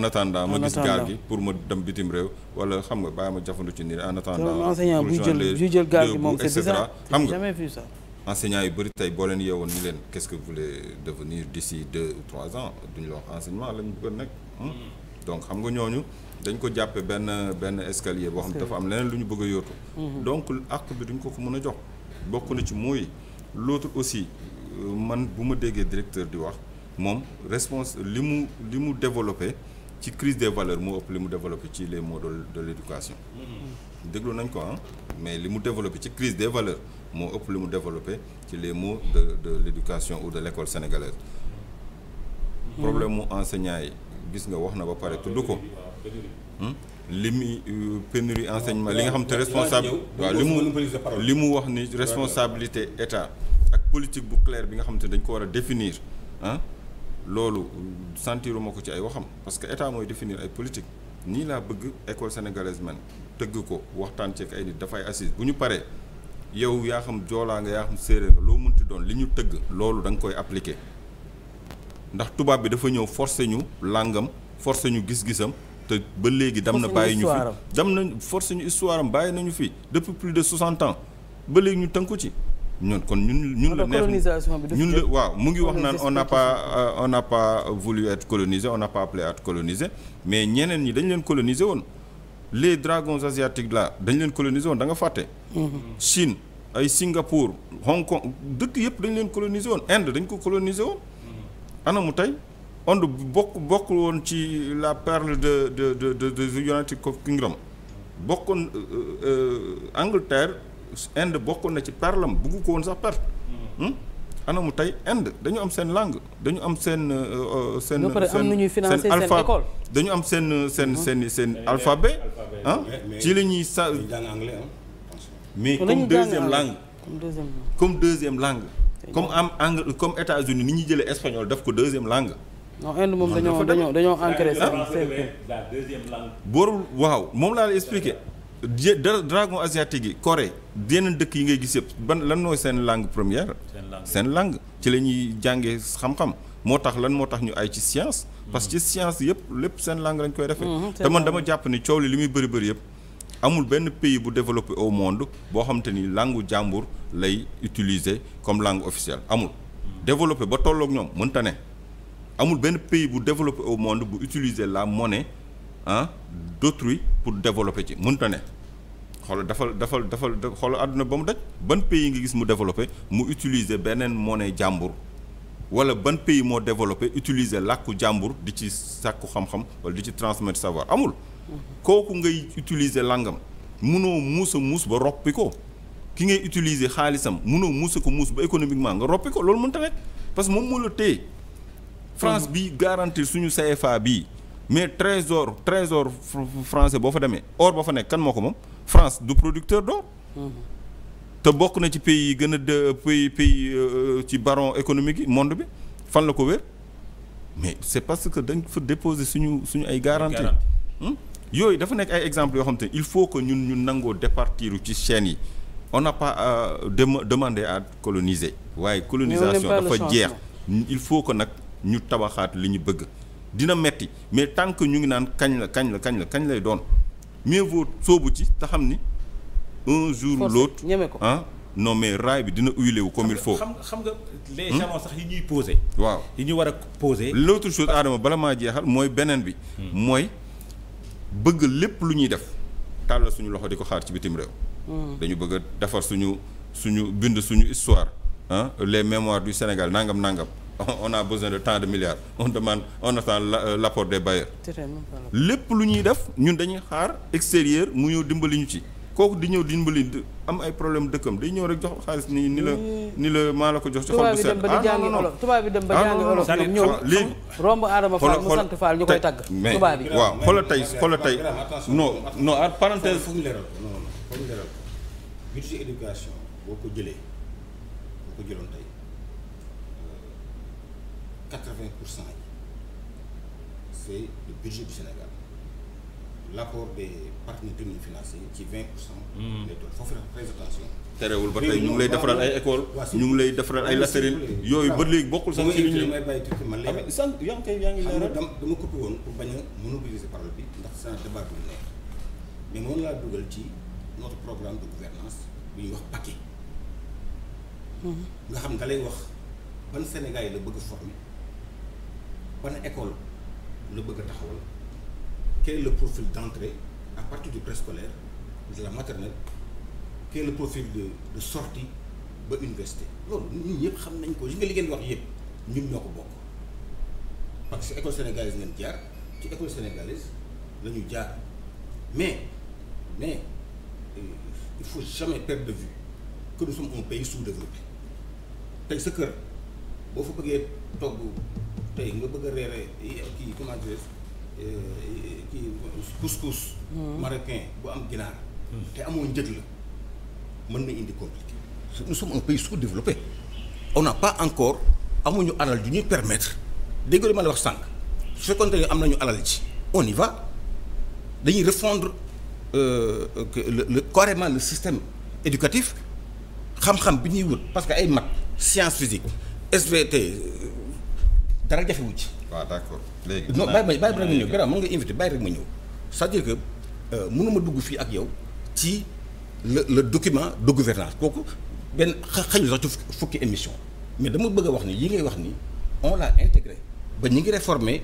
ma gis gaal gi pour ma dem bitim réew wala xam nga bàyyil ma jafandu ci nii en attendant enseignant buy jël buy jël gaal moom c'est bizarre xam nga jamais vu ça enseignants bëri tey boo leen yeewoon ni leen qu'est-ce que vous voulez devenir d'ici deux ou trois ans duñu la wax enseignement lañ bëgg nekk Hmm. donc xam nga ñooñu dañ ko jàppe benn benn escalier boo xam ne dafa am leneen lu ñu bëgg a yóotu hmm. donc àq bi duñ ko ko mën a jox bokk na ci mooy l'autre aussi euh, man bu ma déggee directeur di wax moom réponse li mu li mu développé ci crise des valeurs moo ëpp li mu développé ci les mots de de l'éducation hmm. déglu nañ ko ah mais li mu développé ci crise des valeurs moo ëpp lu mu développé ci les mots de de l'éducation ou de l'école sénégalaise problème mu enseignant yi gis nga wax na ba pare tudd ko hmm? li muy euh, pénurie enseignement li nga xam te responsable waaw li mu li mu wax ni responsabilité état ak politique bu claire bi nga xam te dañ ko war a définir ah loolu sentiruma ko ci ay waxam parce que état mooy définir ay politique nii laa bëgg école sénégalaise man tëgg ko waxtaan ceeg ay nit dafay assise bu ñu paree yow yaa xam joolaa nga yaa xam séeréer nga loo mënti doon li ñu tëgg loolu danga koy appliquer ndax tubaab bi dafa ñëw forcé ñu làngam forcé ñu gis-gisam te ba léegi dam na bàyyi ñu fi dam na forcé ñu histoire bàyyi nañu fi depuis plus de 60 ans ba léegi ñu ko ci ñun kon ñun ñun la neex ñun la waaw mu ngi wax naan on n'a pas euh, on n'a pas voulu être colonisé on n'a pas appelé à mais ñeneen ñi dañ leen coloniser woon les dragons asiatiques la dañ leen coloniser woon da nga fàtte mm-hmm. Chine ay Singapour Hong Kong dëkk yëpp dañ leen coloniser woon Inde dañ ko coloniser woon mu tey ond bokk bokk woon ci la parle de de de de de United Kingdom bokkoon euh, euh, Angleterre Inde bokkoon na ci perlam bugg ko woon sax perte. Hmm. Hmm? mu tey Inde dañu am seen langue dañu am seen. Euh, seen seen alpha dañu am seen hmm. seen seen seen alphabet. ah ci la ñuy sa. mais comme deuxième langue. comme deuxième langue. comme am angle comme États-Unis ni ñuy jëlee espagnol daf ko deuxième langue. non Inde moom dañoo dañoo dañoo ancré la deuxième boorul waaw moom laa la expliqué. dragon asiatique yi Corée yeneen dëkk yi ngay gis yëpp ban lan mooy seen langue première. seen langue ci la ñuy jàngee xam-xam moo tax lan moo tax ñu ay ci science. parce que ci mm-hmm. science yëpp lépp seen langue lañ koy defee. Mm-hmm, te man dama jàpp ni coow li li muy bëri bëri yëpp. amul benn pays bu développé au monde boo xam ni langue jàmbur lay utiliser comme langue officielle amul. développé ba tolloog ñoom mënta ne amul benn pays bu développé au monde bu utiliser la monnaie ah d'autrui pour développer ci mënta ne. xoolal dafal dafal dafal xoolal adduna ba mu daj ban pays nga gis mu développé mu utiliser beneen mone jàmbur wala ban pays moo développé utiliser làkku jàmbur di ci sàkku xam-xam wala di ci transmettre savoir amul. kooku ngay utiliser langam munoo muus a muus ba roppi ko ki ngay utiliser xaalisam munoo muus a ko muus ba économiquement nga roppi ko loolu mënta nekk parce que moom moo France mhm. bi garantir suñu CFA bii mais trésor trésor français boo fa demee or ba fa nekk kan moo ko moom France du producteur d'or mhm. te bokk na ci pays gën a de pays pays euh, ci baron économique yi monde bi fan la ko wér mais c'est parce que dañ fa déposer suñu suñu ay garantie yooyu dafa nekk ay exemple yoo xam te il faut que ñun ñu nangoo départir ci chaîne yi on n'a pas euh, dem à coloniser waaye colonisation dafa jeex il faut que nag ñu tabaxaat li ñu bëgg dina metti mais tant que ñu ngi naan kañ la kañ la kañ la kañ lay doon mais vaut soobu ci te xam ni un jour l'autre ah non mais raay bi dina uyule wu comme il faut. xam nga xam hmm? yi ñuy posé. waaw yi ñu war a posé. l'autre chose aadama bala maa jeexal mooy beneen bi hmm. mooy. bëgg lépp lu ñuy def tàllal suñu loxo di ko xaar ci bitim réew. Hmm. dañu bëgg a defar suñu suñu bind suñu histoire ah les mémoires du Sénégal nangam nangam on a besoin de tant de milliards on demande on attend euh, l'apport des bailleurs. lépp lu ñuy def ñun dañuy xaar extérieur mu ñëw dimbali ñu ci. kooku di ñëw di dimbali am ay problème dëkkam day ñëw rek jox xaalis ni ni la ni la maa la ko jox ci xol bu sedd dem ba di ah, jàngi olof tubaab bi dem ba ah, jàngi olof ñëw léegi romb Adama Fall mu sant Fall ñu koy tàgg tubaab bi waaw xoolal tey xoolal tey non non ah parenthèse foog leeral non non foog jëlee boo ko jëloon euh, pour cent yi partenaire technique financier ci 20 pour cent. Hmm. lay toll foofu la terewul ba tey ñu ngi lay defaral ay école ñu ngi lay defaral ay lasarine yooyu ba léegi bokkul sax. ci li ñu may bàyyi tuuti man ah, léegi. sànq yaa ngi koy yaa ngi leeral dama dama coupé a monopoliser parole bi ndax c'est un débat bu mais moom laa dugal ci notre programme de gouvernance bu ñuy wax paquet. Hmm. nga xam nga lay wax ban Sénégal yi la bëgg a former ban école la bëgg a taxawal quel est le profil d'entrée à partir du préscolaire de la maternelle quel est de sorti ba université loolu ñun ñëpp xam nañ ko yi nga li ngeen wax yëpp ñun ñoo ko bokk parce que école sénégalaise ngeen jaar ci école sénégalaise lañu jaar mais mais euh, il faut jamais perdre de vue que nous sommes un pays sous-développé tey sa kër boo fa bëggee togg tey nga bëgg a reeree kii comment kii couscous hmm. marocain bu am ginaar hmm. te amoo njëg la mën na indi compliqué nous sommes un pays sous-développé on n'a pas encore amuñu alal ju ñuy permettre dégg wax sànq su am nañu alal ji on y dañuy refondre euh, le, le carrément le système éducatif xam-xam bi ñuy wut parce que ay maths sciences physiques SVT euh, dara jafewu ci waaw léegi non bàyyi bàyyi rek ma ñëw garaaw mën nga invité bàyyi rek ma ñëw c'est-à-dire que euh, mënuma dugg fii ak yow ci le le document de gouvernance kooku benn xañu sax ci fukki émission mais dama bëgg a wax ni yi ngay wax ni on l'a intégré ba ñu ngi réformer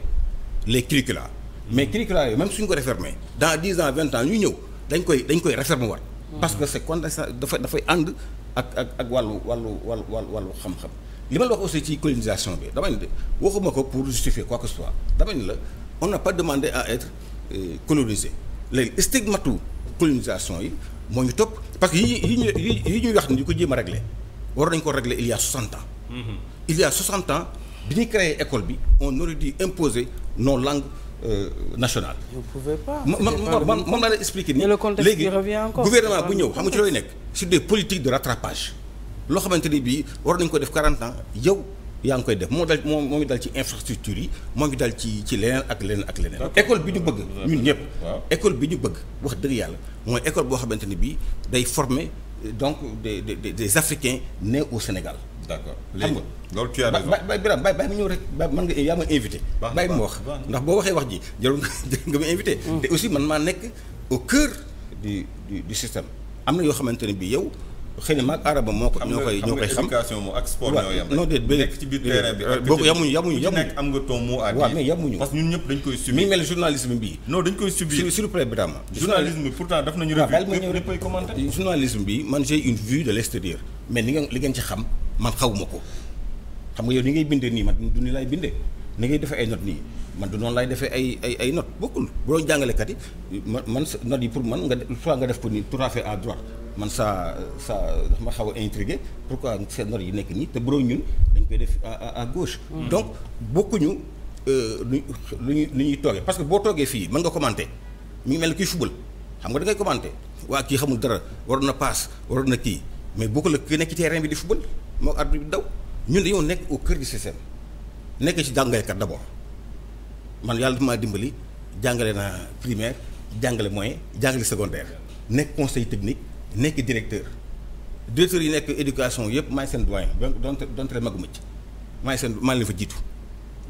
les curricula mais curricula yooyu même suñ ko réformer dans dix ans vingt ans ñu ñëw dañ koy dañ koy réformer war parce que c'est condensé dafa dafay ànd ak ak ak wàllu wàllu wàllu wàllu wàllu xam-xam li ma la wax aussi ci colonisation bi dama ne waxuma ko pour justifier quoi que ce soit dama la on n'a pas demandé à être euh, colonisé léegi stigmatu colonisation yi moo ñu topp parce que yi yi ñu yi ñuy wax ni di ko jéem a régler war nañu ko régler il y a 60 ans. Mm-hmm. il y a 60 ans bi ñuy créer école bi on aurait dû imposer nos langues euh, nationales. vous pouvez pas. man man laa lay expliquer nii. léegi gouvernement bu ñëw xam ci looy nekk. des politiques de loo xamante ni bii war nañ ko def 40 ans yow yaa ngi koy def moo dal moo moo ngi dal ci infrastructure yi moo ngi dal ci ci leneen ak leneen ak leneen école bi ñu bëgg ñun ñëpp école bi ñu bëgg wax dëgg yàlla mooy école boo xamante ni bii day former euh, donc des des des africains nés au Sénégal d'accord léegi loolu tu as ba ba ba Birame bàyyi ma ñëw rek ba man nga yaa ma invité bàyyi ma wax ndax boo waxee wax ji jarul nga ma invité mm. te aussi man maa nekk au cœur du du du système am na yoo xamante ne bii yow xëy na maag araba moo ko ñoo koy xam éducation moom ak sport euh, yamuñu yamuñu yamuñu nekk mais yamuñu parce ñëpp dañ koy subir mi mel journalisme bi non dañ koy subir sur le drama journalisme bi pourtant daf nañu koy commenter journalisme man j'ai une vue de l'extérieur mais li ngeen li ngeen ci xam man xawuma ko xam nga yow ni ngay bindee nii man du ni laay bindee ni ngay defee ay notes nii man du noonu laay defee ay ay ay notes bokkul bu doon jàngalekat yi man man not yi pour man nga soit nga def ko nii tout à fait à droite man saa saa dafa ma xaw a intrigué pourquoi seen nor yi nekk nii te boroom ñun dañ koy def à gauche. Hmm. donc bokkuñu euh, lu ñu lu ñuy toogee parce que boo toogee fii mën nga commenter mu ngi mel ni kii football xam nga da ngay commenter kii xamul dara waroon na paas waroon na kii mais bokkul la ki nekk ci terrain bi di football moo arbitre bi daw ñun dañoo nekk au cœur du système nekk ci jàngalekat d'abord man yàlla dafa maa dimbali jàngale naa primaire jàngale moyen jàngale secondaire nekk conseil technique. nekk directeur directeur yi nekk éducation yëpp maay seen doyen donc donte la maguma ci maay seen maa leen fa jiitu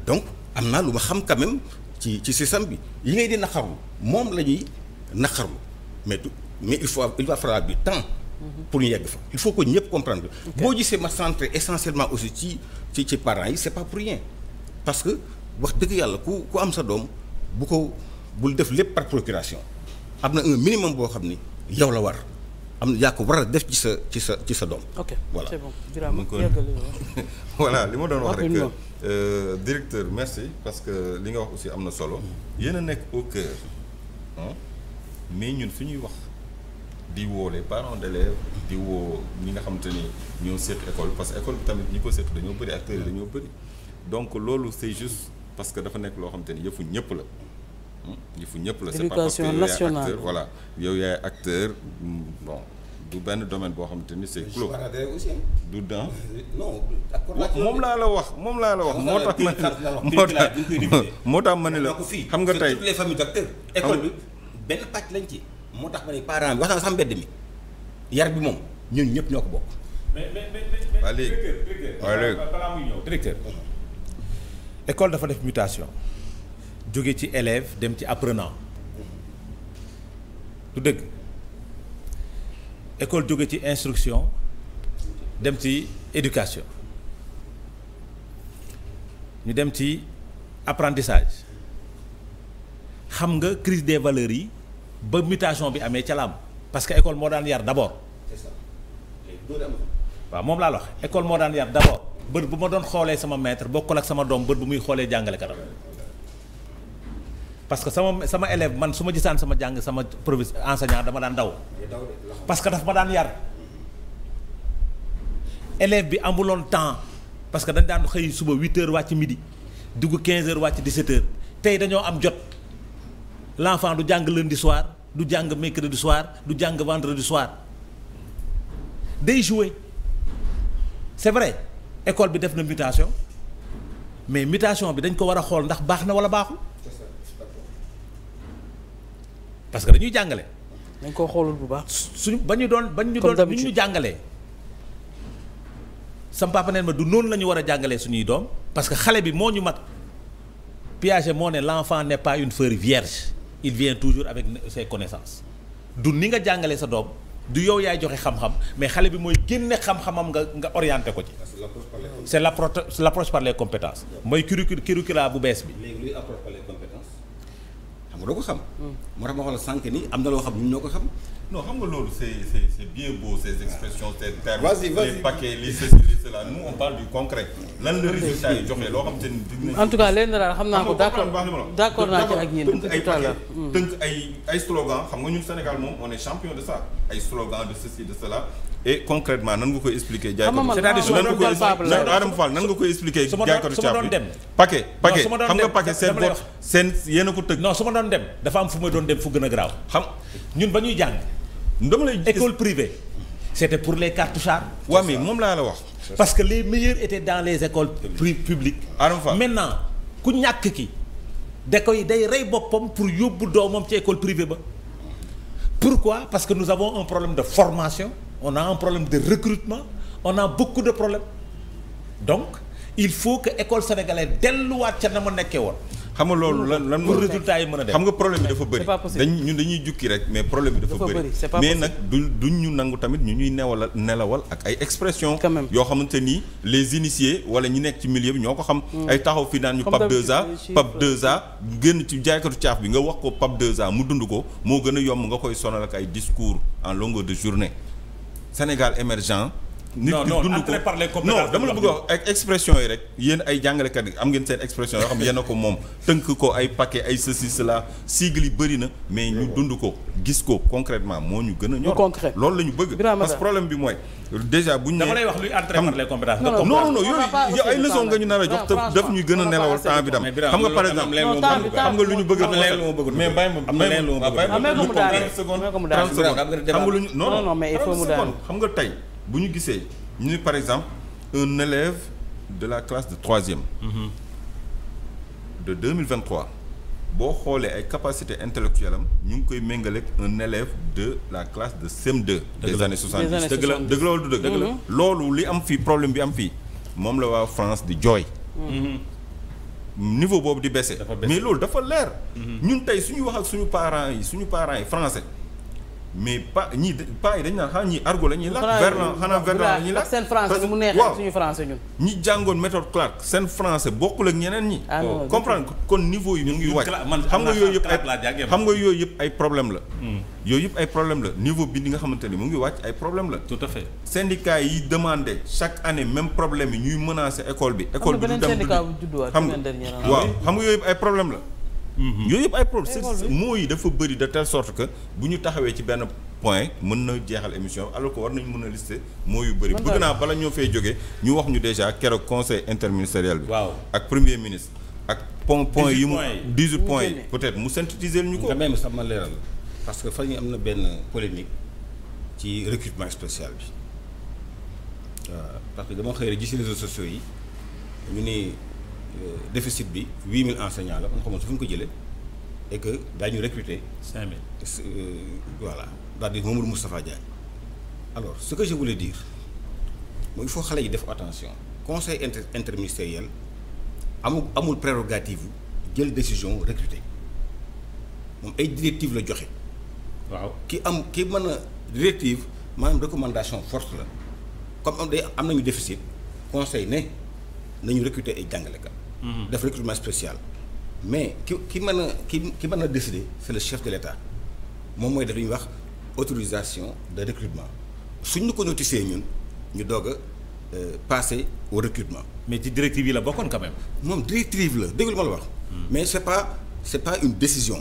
donc am naa lu ma xam quand ci ci système bi yi ngay di naqarlu moom la ñuy naqarlu mais du mais il faut il va falloir du temps. Mhm. pour ñu yegg fa il faut que ñëpp comprendre que. boo gisee ma centré essentiellement aussi ci ci ci parents yi c'est pas pour rien parce que wax dëgg yàlla ku ku am sa doom bu ko bul def lépp par procuration am na un minimum boo xam ni yow la war. am na yaa ko war a def ci sa ci sa ci sa doom. ok voilà c'est bon voilà li ma doon wax rek euh, directeur merci parce que li nga wax aussi am na solo. yéen a nekk au cœur mais ñun fi ñuy wax di woo parent de d'élèves di woo ñi nga xamante ni ñoo seq école parce que école tamit ñi ko seq dañoo bëri acteurs yi dañoo bëri donc loolu c'est juste parce que dafa nekk loo xamante ni yëfu ñëpp la. Mmh. yëfu ñëpp la c'est pas parce que yow yaay acteur mmh, bon du benn domaine boo xamante ni c'est clos du laa la wax moom laa la wax moo tax ma tax ma ne la xam nga tey les familles d'acteurs école bi benn pàcc lañ ci moo tax ma parent bi wax naa sax mbedd mi yar bi moom ñun ñëpp ñoo ko bokk mais dafa def mutation jóge ci élève dem ci apprenant du dëgg école jóge ci instruction dem ci éducation ñu dem ci apprentissage xam nga crise de valeurs yi ba mutation bi amee ca la am que école moo daan yar d'abord waaw moom laa wax école moo daan yar d'abord bët bu ma doon xoolee sama maître bokkul ak sama doom bët bu muy xoolee jàngale kanam parce que sama sama élève man su ma gisaan sama jàng sama provis enseignant dama daan daw parce que dafa ma daan yar élève bi amuloon temps parce que dañ daan xëy suba huit heures wàcc midi dugg quinze heures wàcc dix-sept heures tey dañoo am jot l'enfant du jàng lundi soir du jàng mercredi soir du jàng vendredi soir day jouer c'est vrai école bi def na mutation mais mutation bi dañ ko war a xool ndax baax na wala baaxul parce que dañuy jàngale. dañ koo xoolul bu baax. suñu ba ñu doon ba ñu doon bu jàngalee. sam papa neen du noonu la ñu war a jàngalee suñuy doom parce que xale bi moo ñu mag Piaget moo ne l'enfant n'est pas une feuille vierge il vient toujours avec ses connaissances du ni nga jàngalee sa doom du yow yaay joxe xam-xam mais xale bi mooy génne xam-xamam nga nga orienté ko ci. Ah, c'est l'approche par les compétences. mooy curricula bu bees bi. waroo ko xam. Hmm. moo tax ma xoolal sànq ni am na loo xam ñun ñoo ko xam. non xam nga loolu c'est c'est c'est bien beau ces expressions ces termes. vas-y vas-y les paquets les ceci les cela du concret. lan la résultat yi joxe loo xam te ni. en tout cas lenn daal xam naa ko d'accord d'accord naa ci ak ñun. tënk ay paquets xam nga ñun Sénégal moom on est champion de ça ay slogans de ceci de cela. et concrètement nan nga koy expliquer jaaykatu c'est-à-dire nan nga koy Adama Fall nan nga koy expliquer jaaykatu caaf bi paquet seen bopp seen yéen a ko tëgg non su ma doon dem dafa am fu ma doon dem fu gën a garaaw xam ñun ba ñuy jàng dama lay école privée c'était pour les cartouchards waaw mais moom laa la wax parce que les meilleurs étaient dans les écoles publiques Adama Fall maintenant ku ñàkk ki da koy day rey boppam pour yóbbu doomam ci école privée ba pourquoi parce que nous avons un de formation on a problème de recrutement on a beaucoup de problèmes donc il faut que école sénégalaise delluwaat ca na ma nekkee woon. xam nga loolu lan lan moo résultat yi mën a dem xam nga problème bi dafa bëri dañ ñun dañuy jukki rek mais problème bi dafa bëri mais nag du du ñu nangu tamit ñu ñuy newala nelawal ak ay expression yoo xamante nii les initiés wala ñi nekk ci milieu bi ñoo ko xam hmm. ay taxaw fii naan ñu pap 2A pap 2A génn ci jaaykatu caaf bi nga wax ko pap 2A mu dund ko moo gën yomb nga koy sonal ak ay discours en longueur de journée Sénégal émergent nit ki dund ko non dama la bëgg wax ak expression yi rek yéen ay jàngalekat yi am ngeen seen expression yoo xam yéen a ko moom tënk ko ay paquet ay ceci cela sigle yi bëri na mais ñu dund ko gis ko concrètement moo ñu gën a ñor loolu la ñu bëgg parce que problème bi mooy déjà bu ñu dama lay wax luy entrer par les compétences non non non yooyu ay leçon nga ñu nar a jox te daf ñuy gën a nelawal temps bi tam xam nga par exemple xam nga lu ñu bëgg mais bàyyi ma bàyyi ma lu concret seconde 30 secondes xam nga lu ñu non non xam nga tey bu ñu gisee ñu ni par exemple un élève de la classe de troisième mmh. de deux mille vingt trois boo xoolee ay capacité intellectuelle am ñu ngi koy méngaleeg un élève de la classe de CM2 des années soixante-dix dëgg la dëgg loolu du dëgg mhm. loolu li am fii problème bi am fii moom la waa France di jooy mhm. niveau boobu di baissé mais loolu dafa leer mhm. ñun tey suñu wax ak suñu parents yi suñu parents yi français mais pa ñii pa yi dañu naan xanaa ñii argot la ñuy làkk verlan xanaa verlan la ñuy làkk seen français mu neexee suñu français ñun ñi jàngoon méthode Clark seen français bokkul ak ñeneen ñi ah comprendre kon niveau yi mu ngi wàcc xam nga yooyu yëpp ay xam nga yooyu yëpp ay problème la hmm. yooyu yëpp ay problème la niveau bi li nga xamante ni mu ngi wàcc ay problème la tout à fait syndicat yi demande chaque année même problème yi ñuy menacer école bi école bi du dem xam nga waaw xam nga yooyu yëpp ay problème la Mm-hmm. yooyu yëpp ay problème mots yi dafa bëri de telle sorte que bu ñu taxawee ci benn point mën na jeexal émission alors que war nañ mën a lister mots yu bëri bëgg naa bala ñoo fay jógee ñu wax ñu déjà keroog conseil interministériel bi waaw ak premier ministre ak point point yi mu 18 point yi peut-être mu synthétiser ñu ko même sax leeral parce que fa yi am na benn polémique ci recrutement spécial bi waaw euh, parce que dama xëy rek gis sociaux yi ñu ni Euh, déficit bi huit mille enseignants la kon xamoon su fu ñu ko jëlee et que daañu recruter. cinq mille euh, voilà daal di Mamadou alors ce que je voulais dire mooy il faut xale yi def attention conseil inter interministériel amul amul prérogative jël décision recruter moom ay directive la joxe. waaw ki am ki mën a directive maanaam recommandation forte la comme am day am nañu déficit conseil ne nañu recruter ay jàngalekat. Mhm. def recrutement spécial. mais ki ki mën a ki ki mën a décider c'est le chef de l'État moom mooy def li ñuy wax autorisation de recrutement suñ ñu ko notifié ñun ñu doog a euh, passer au recrutement. mais ci directive yi la bokkoon quand même. moom directive la déglu ma la wax. Hmm. mais c'est pas c'est pas une décision.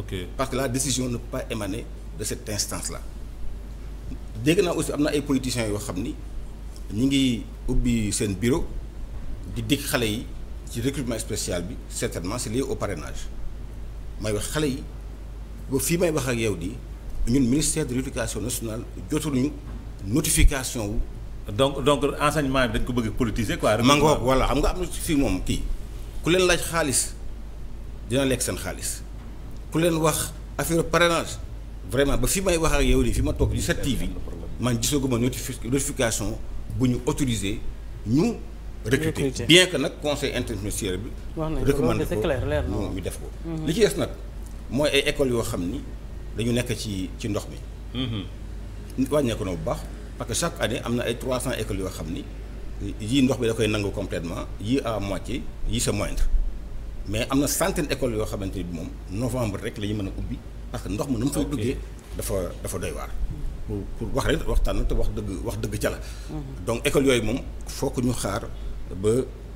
ok parce que la décision ne peut pas émaner de cette instance là. dégg naa aussi am na ay politiciens yoo xam ni ñu ngi ubbi seen bureau di dig xale yi. ci recrutement spécial bi certainement c'est lié au parrainage may wax xale yi ba fii may wax ak yow di ñun ministère de l'éducation nationale jotuñu notification wu. donc donc enseignement bi dañ ko bëgg politiser quoi. ma ngoog voilà am nga am na fii moom kii ku leen laaj xaalis dina lekk seen xaalis ku leen wax affaire parrainage vraiment ba fi may wax ak yow di fi ma toog ci 7TV man gisaguma notification bu ñu autorisé ñu. recruter bien que nag conseil interministériel bi. recommandé ko ñu def ko. Mm-hmm. li ci des nag mooy ay écoles yoo xam ni dañu nekk ci ci ndox mi. Mm-hmm. wàññeeku na bu baax parce que chaque année am na ay 300 écoles yoo xam ni yii ndox bi da koy nangu complètement yi à moitié yii c'est moindre mais am na centaine écoles yoo xamante ni bi moom novembre rek la ñu mën a ubbi parce que ndox mi nu mu fay duggee dafa dafa doy waar. Mm-hmm. pour pour wax rek waxtaan te wax dëgg wax dëgg ca la. donc école yooyu moom foo ko ñu xaar. ba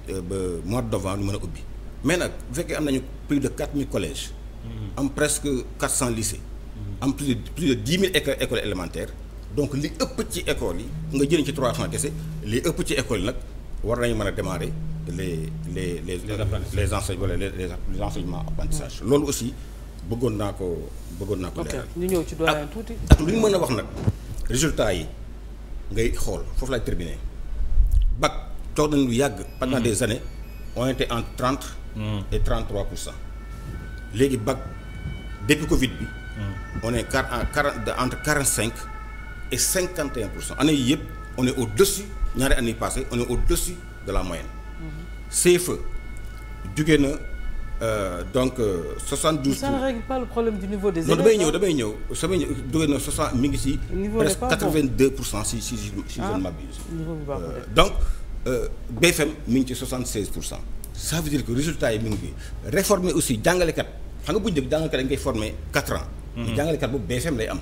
euh, ba mois de novembre mën a ubbi mais nag bu fekkee am nañu plus de quatre mille collèges. Mm-hmm. am presque quat cent lycées. Mm-hmm. am plus de plus de dix mille écoles écoles donc li ëpp ci école yi nga jëriñ ci trois cent kese li ëpp ci école yi nag war nañu mën a démarrer les les les les euh, enseignes le les les enseignements apprentissage loolu aussi bëggoon naa ko bëggoon naa ko leeral ñu ñëw ci doyen tuuti ak lu ñu mën a wax nag résultat yi ngay xool foofu laay terminer toog nañ yàgg. pendant mm-hmm. des années on était entre trente. Mm-hmm. et trente trois pour cent. léegi bac depuis Covid bi. Mm-hmm. on est car entre quarante cinq et cinquante et un pour cent année yii yëpp on au dessus ñaari année passée on est au dessus de la moyenne. CFE jugee na. Euh, donc euh, soixante douze. ça ne règle pas le problème du niveau des. élèves non damay ñëw damay ñëw samay ñëw duggee na soixante mi ngi si. niveau presque quatre vingt deux pour cent si si si si je ne ah. m'abuse. Euh, donc. Euh, BFM mu ngi ci 76 pour cent ça veut que résultat yi mu ngi fii réformer aussi jàngalekat xam nga bu ñu dëkk jàngalekat dañ koy former 4 ans. Mhm. jàngalekat boobu BFM lay am.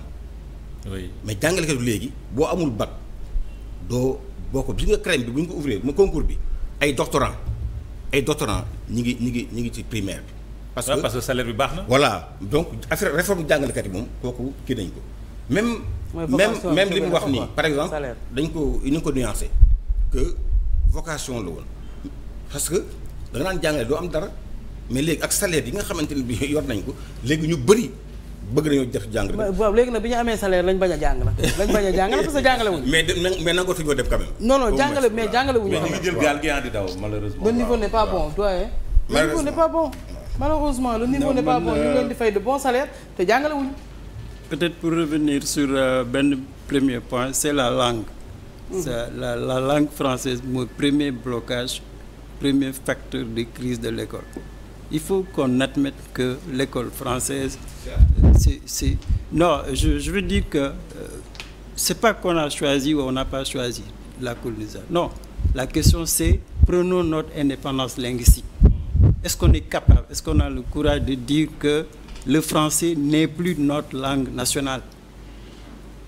mais jàngalekat bi léegi boo amul bac doo boo ko gis nga crème bi bu ñu ko ouvrir ma concours bi ay doctorant ay doctorant ñi ngi ñi ngi ñi ngi ci primaire bi. parce que parce que salaire bi baax na. voilà donc affaire réforme jàngalekat yi moom kooku kii nañ ko même. même même li mu wax nii par exemple dañ ko ko nuancé vocation la woon parce que da nga naan jàngale doo am dara mais léegi ak salaire yi nga xamante ni bi yor nañ ko léegi ñu bëri bëgg nañoo def jàng waaw léegi nag bi ñu amee salaire lañ bañ a jàng la lañ bañ a jàng la parce que jàngale wuñu mais mais nangoo fi ñoo def quand même non niveau n'est pas bon doyen le euh, de bons salaires te jàngale wuñu peut-être pour revenir sur euh, benn premier point c'est la langue ça la la langue française mooy premier blocage premier facteur de crise de l'école il faut qu'on admette que l'école française c'est c'est non je je veux dire que euh, c'est pas qu'on a choisi ou on n'a pas choisi la colonisation non la question c'est prenons notre indépendance linguistique est-ce qu'on est capable est-ce qu'on a le courage de dire que le français n'est plus notre langue nationale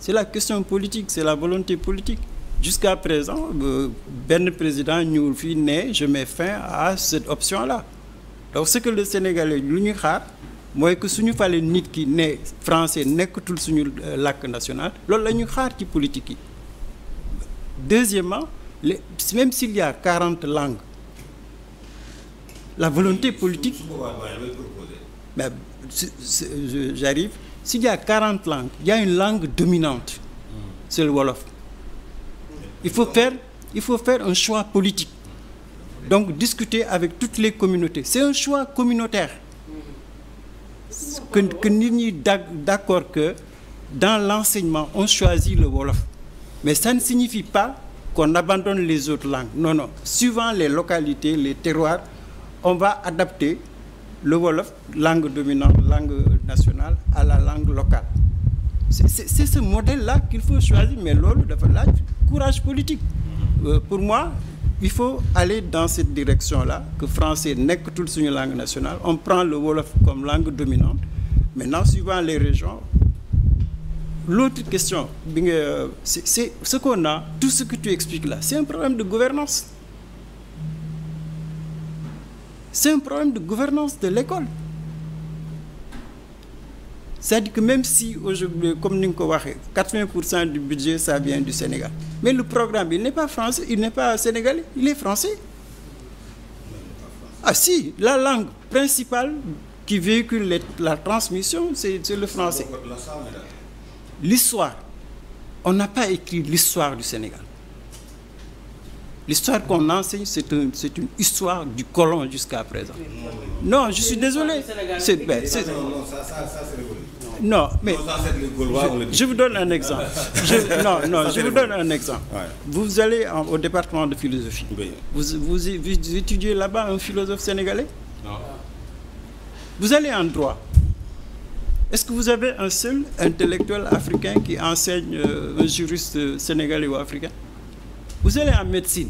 c'est la question politique c'est la volonté politique jusqu'à présent euh, benn président ñëwul fii ne je mets fin à cette option là donc ce que le Sénégalais lu ñuy xaar mooy que suñu falee nit ki ne français nekkatul suñu euh, làkk national loolu la ñuy xaar ci politique yi deuxièmement les même s'il y a quarante langues la volonté politique mais j'arrive s'il y a quarante langues il y a une langue dominante c'est wolof il faut faire il faut faire un choix politique donc discuter avec toutes les communautés c'est un choix communautaire que que nit ñi d'accord que dans l'enseignement on choisit le wolof mais ça ne signifie pas qu'on abandonne les autres langues non non suivant les localités les terroirs on va adapter le wolof langue dominante langue nationale à la langue locale c'est ce modèle là qu'il faut choisir mais loolu dafa laaj courage politique euh, pour moi il faut aller dans cette direction là que français nekkatul suñu langue nationale on prend le wolof comme langue dominante maintenant suivant les régions l'autre question bi nga c'est ce qu'on a tout ce que tu expliques là c'est un problème de gouvernance c'est un problème de gouvernance de l'école c'est-à-dire que même si aujourd'hui comme ni nga ko waxee quatre-vingts pour cent du budget ça vient du Sénégal mais le programme il n'est pas français il n'est pas sénégalais il est français ah si la langue principale qui véhicule les, la transmission c'est c'est le français l'histoire on n'a pas écrit l'histoire du Sénégal L'histoire qu'on enseigne, c'est un, c'est une histoire du colon jusqu'à présent. Non, je suis désolé. C'est, ben, c'est... non mais je vous donne un exemple. non je vous donne un exemple. vous allez au département de philosophie. vous étudiez là-bas un philosophe sénégalais. vous allez en droit. Est-ce que vous avez un seul intellectuel africain qui enseigne euh, un juriste sénégalais ou africain? Vous allez en médecine.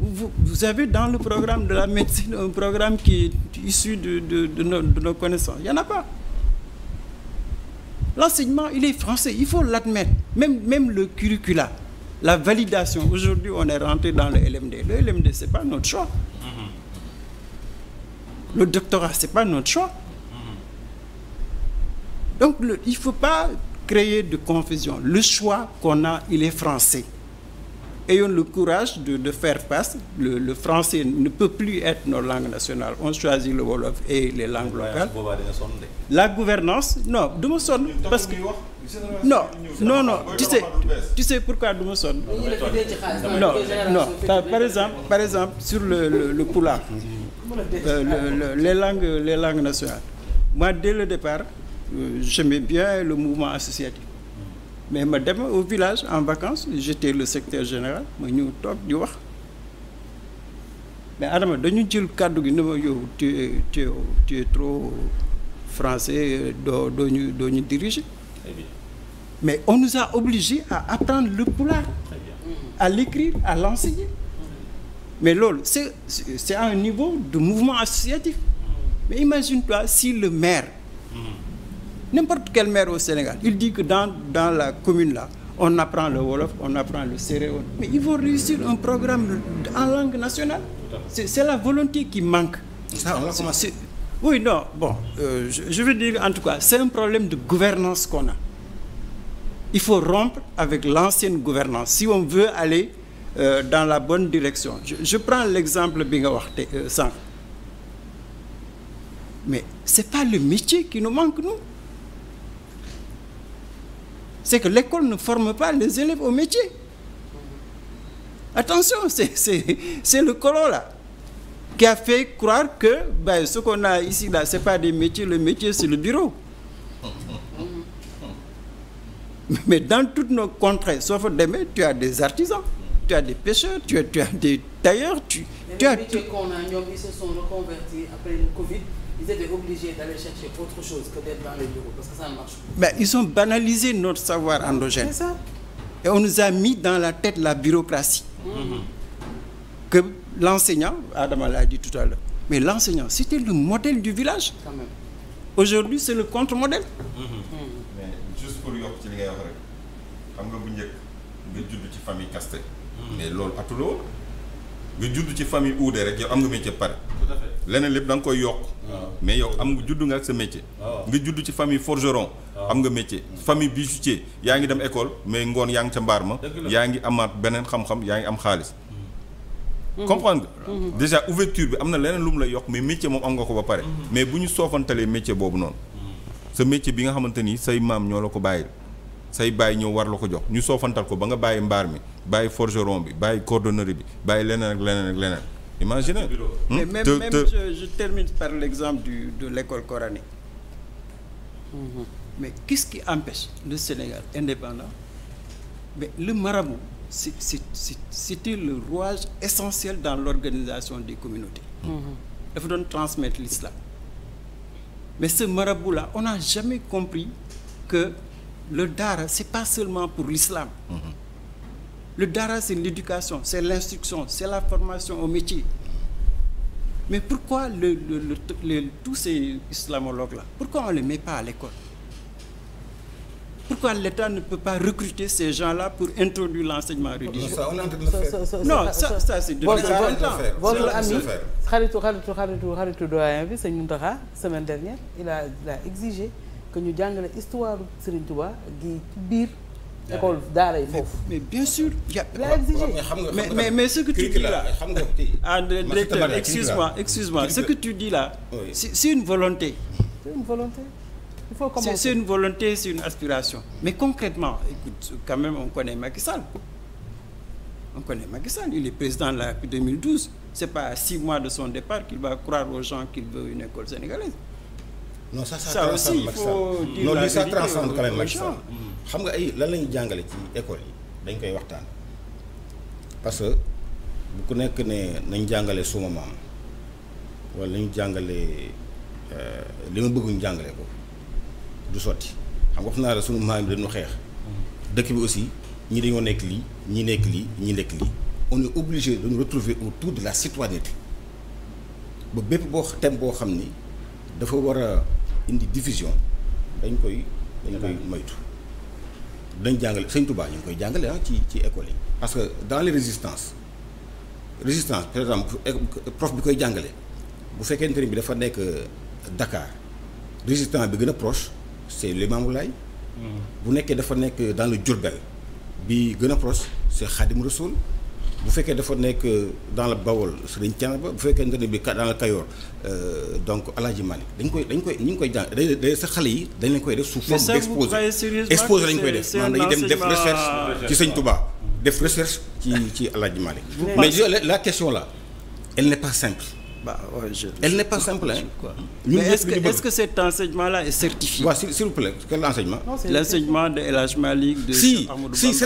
Vous, avez dans le programme de la médecine un programme qui est issu de nos, connaissances. Il n'y en a pas. L'enseignement, il est français, il faut l'admettre. Même, même le curricula, la validation. Aujourd'hui, on est rentré dans le LMD. Le LMD, ce n'est pas notre choix. Mm-hmm. Le doctorat, ce n'est pas notre choix. Mm-hmm. le, il ne faut pas créer de confusion. Le choix qu'on a, il est français. ayons le courage de, de faire face. Le, le, français ne peut plus être notre langue nationale. On choisit le Wolof et les langues locales. La gouvernance, non, du ma sonn parce que non non non tu sais pourquoi du ma sonn non par exemple par exemple sur le le, le pulaar euh, les langues les nationales moi dès le départ euh, j'aimais bien le mouvement associatif mais ma dem au village en vacances j'étais le secrétaire général ma ñu toog di wax mais Adama dañu jël kàddu gi ne ma yow tu tu tu es trop français doo doo ñu diriger mais on nous a obligés à apprendre le pulaar à l'écrire à l'enseigner mais loolu c'est c'est à un niveau de mouvement associatif mm. mais imagine-toi si le maire mm. n'importe quel maire au Sénégal il dit que dans dans la commune là on apprend le wolof on apprend le sérère mais il faut réussir un programme en langue nationale c'est c'est la volonté qui manque ça on l'a commencé oui non bon euh, je, je veux dire en tout cas c'est un problème de gouvernance qu'on a il faut rompre avec l'ancienne gouvernance si on veut aller euh, dans la bonne direction je, je prends l'exemple bi nga wax te euh, sànq mais c'est pas le métier qui nous manque nous c'est que l'école ne forme pas les élèves au métier attention c'est c'est le colon là qui a fait croire que ben, ce qu'on a ici là c'est pas des métiers le métier c'est le bureau mais dans toutes nos contrées sauf Deme tu as des artisans tu as des pêcheurs tu as, des tailleurs tu, as tout... qu'on a ñoom ils se sont reconvertis ils étaient obligés d'aller chercher autre chose que d'être dans les bureaux parce que Mais on nous a mis dans la tête la bureaucratie. Mmh. Que l'enseignant, Adama l'a dit tout à l'heure, mais l'enseignant, c'était le modèle du village. Aujourd'hui, c'est le contre-modèle. Mhm. mais juste pour yokk ci li ngay wax rek xam nga bu njëkk nga judd ci famille caste. Mhm. mais loolu atuloo nga judd ci famille uude rek yow am nga métier pare. leneen lépp da nga koy yokk mais yow am nga judd nga ak sa métier nga judd ci famille forgeron am nga métier famille bijoutier yaa ngi dem école mais ngoon yaa ngi ca mbaar ma yaa ngi amaat beneen xam-xam yaa ngi am xaalis mm-hmm. comprendre nga mm-hmm. Mm-hmm. déjà ouverture bi am na leneen lu mu lay yokk mais métier moom am nga ko ba pare mais bu ñu soofantalee métier boobu noonu sa métier bi nga xamante ni say maam ñoo la ko bàyyil say bàyyi ñëw war la ko jox ñu soofantal ko ba nga bàyyi mbaar mi bàyyi forgeron bi bàyyi cordonnerie bi bàyyi leneen ak leneen ak leneen imaginez hmm? mais même, te, même te... Je, je, termine par l'exemple du de l'école coranique mmh. mais qu'est-ce qui empêche le Sénégal indépendant mais le marabout c'était le rouage essentiel dans l'organisation des communautés mhm. dafa mmh. doon transmettre l'islam mais ce marabout là on n'a jamais compris que le daara c'est pas seulement pour l'islam mmh. le dara c'est l'éducation c'est l'instruction c'est la formation au métier mais pourquoi le, le, le, le tous ces islamologues là pourquoi on les met pas à l'école pourquoi l'État ne peut pas recruter ces gens-là pour introduire l'enseignement religieux ça, on est non ça ça c'est depuis longtemps votre ami xaritu xaritu xaritu xaritu doyen semaine dernière il a exigé que ñu jàngale histoire Serigne Touba gi biir école daara yi foofu. mais bien sûr. la exigé mais mais mais ce que tu dis là. ah directeur excuse-moi excuse-moi ce que tu dis là. c'est une volonté. c'est une volonté. il faut commencer c'est une volonté c'est une aspiration. mais concrètement écoute quand même on connaît Macky Sall. on connaît Macky Sall il est président de la c'est pas à six mois de son départ qu'il va croire aux gens qu'il veut une école sénégalaise. non ça ça transcende Macky Sall non lii ça transcende quand même xam nga ay eh, lan la ñuy jàngale ci école yi dañ koy waxtaan parce que bu ku nekk ne nañ jàngale suma maam wala nañ jàngale euh, li ma bëgguñ jàngale ko du sotti xam nga wax naa la sunu maam yi dañu xeex dëkk bi aussi ñi dañoo nekk lii ñi nekk lii ñi nekk lii on est obligé de nous retrouver autour de la citoyenneté ba bépp boo thème boo xam ni dafa war a indi division dañ koy dañ koy moytu dañ jàngale sëñ Touba ñu ngi koy jàngale ah ci ci école yi parce que dans les résistances résistance par exemple prof bi koy jàngale bu fekkee ne bi dafa nekk Dakar résistant bi gën a proche c'est Limamou Laye mm-hmm. bu nekkee dafa nekk dans le Diourbel bi gën a proche c'est Khadim Rassoul bu fekkee dafa nekk dans le Bawol Serigne Thiénaba bu fekkee nga ne bi dans le Kayor euh, donc Alaaji Malik dañ koy dañ koy ñu ngi koy jàng day sa xale yi dañ leen koy def sous forme d'exposé exposé lañ koy def maanaam dañuy dem def recherche euh, ci Sëñ Touba euh, def recherche ci ci Alaaji Malik mais la question là elle n'est pas simple bah ouais, je elle n'est pas simple hein. mais est-ce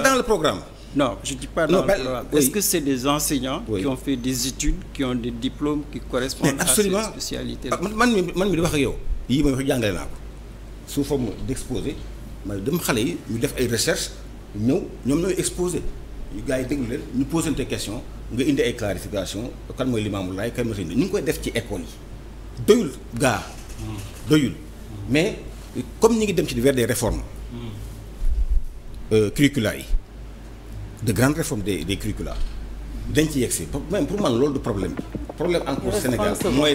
dans le programme. Non, je ne dis que c'est des enseignants oui. qui ont fait des études, qui ont des diplômes qui correspondent à ces spécialités ah, man man mi di wax ak yow naa ko sous forme ma dem xale yi ñu def ay recherche ñëw ñoom ñooy exposé ñu gars yi déglu ñu posé une question nga indi ay clarification mooy Limaamu Laay kan mooy ñu ngi koy def ci école yi doyul gaa hmm. doyul hmm. mais comme ñu ngi dem ci vers des réformes hmm. euh, curriculaires yi de grandes réformes des des curricula dañ ci yegg si même pour man loolu du problème problème encore Sénégal mooy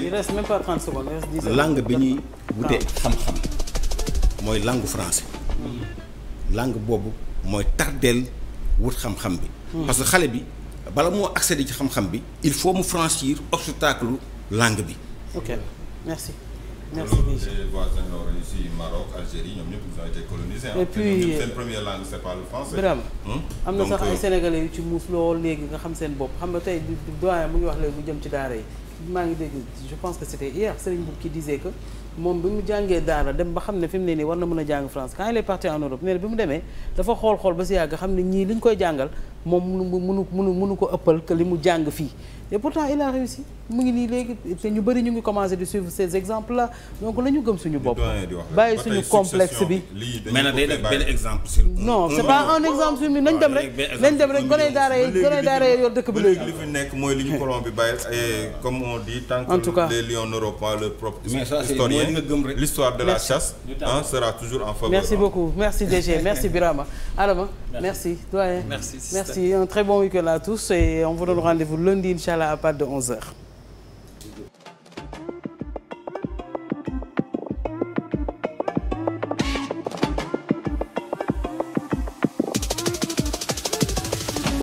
langue bi ñuy wutee ah. xam-xam mooy langue français hmm. langue boobu mooy tardeel wut xam-xam bi hmm. parce que xale bi bala moo accéder ci xam-xam bi il faut mu franchir obstacle langue bi merci beaucoup les voisins nord euh, hmm? am na sax ay euh, sénégalais yu ci muus lool léegi nga xam seen bopp xam nga tey doyen mu ngi wax léegi bu jëm ci daara yi maa ngi dégg je pense que c'était hier Serigne Mboup qui disait que moom bi mu jàngee daara dem ba xam ne fi mu ne nii war na mën a jàng France quand il est parti en Europe nee bi mu demee dafa xool-xool ba si yàgg xam ne ñii li ñu koy jàngal moom mënu mënu mënu mënu ko ëppal que li mu jàng fii. et pourtant il a réussi mu ngi nii léegi te ñu bëri ñu ngi commencé di suivre ces exemples là donc la ñu gëm suñu bopp bàyyi suñu complexe bi mais nag non c'est pas un exemple sur nañ dem rek dem rek gone daara yi gone daara yi yor dëkk li fi nekk mooy li ñu colon bi bàyyi eh, comme on dit tant que pas leur propre historien l'histoire de la chasse sera toujours en faveur merci merci DG merci Birama Adama merci doyen merci un très bon week-end tous et on allah à partir de 11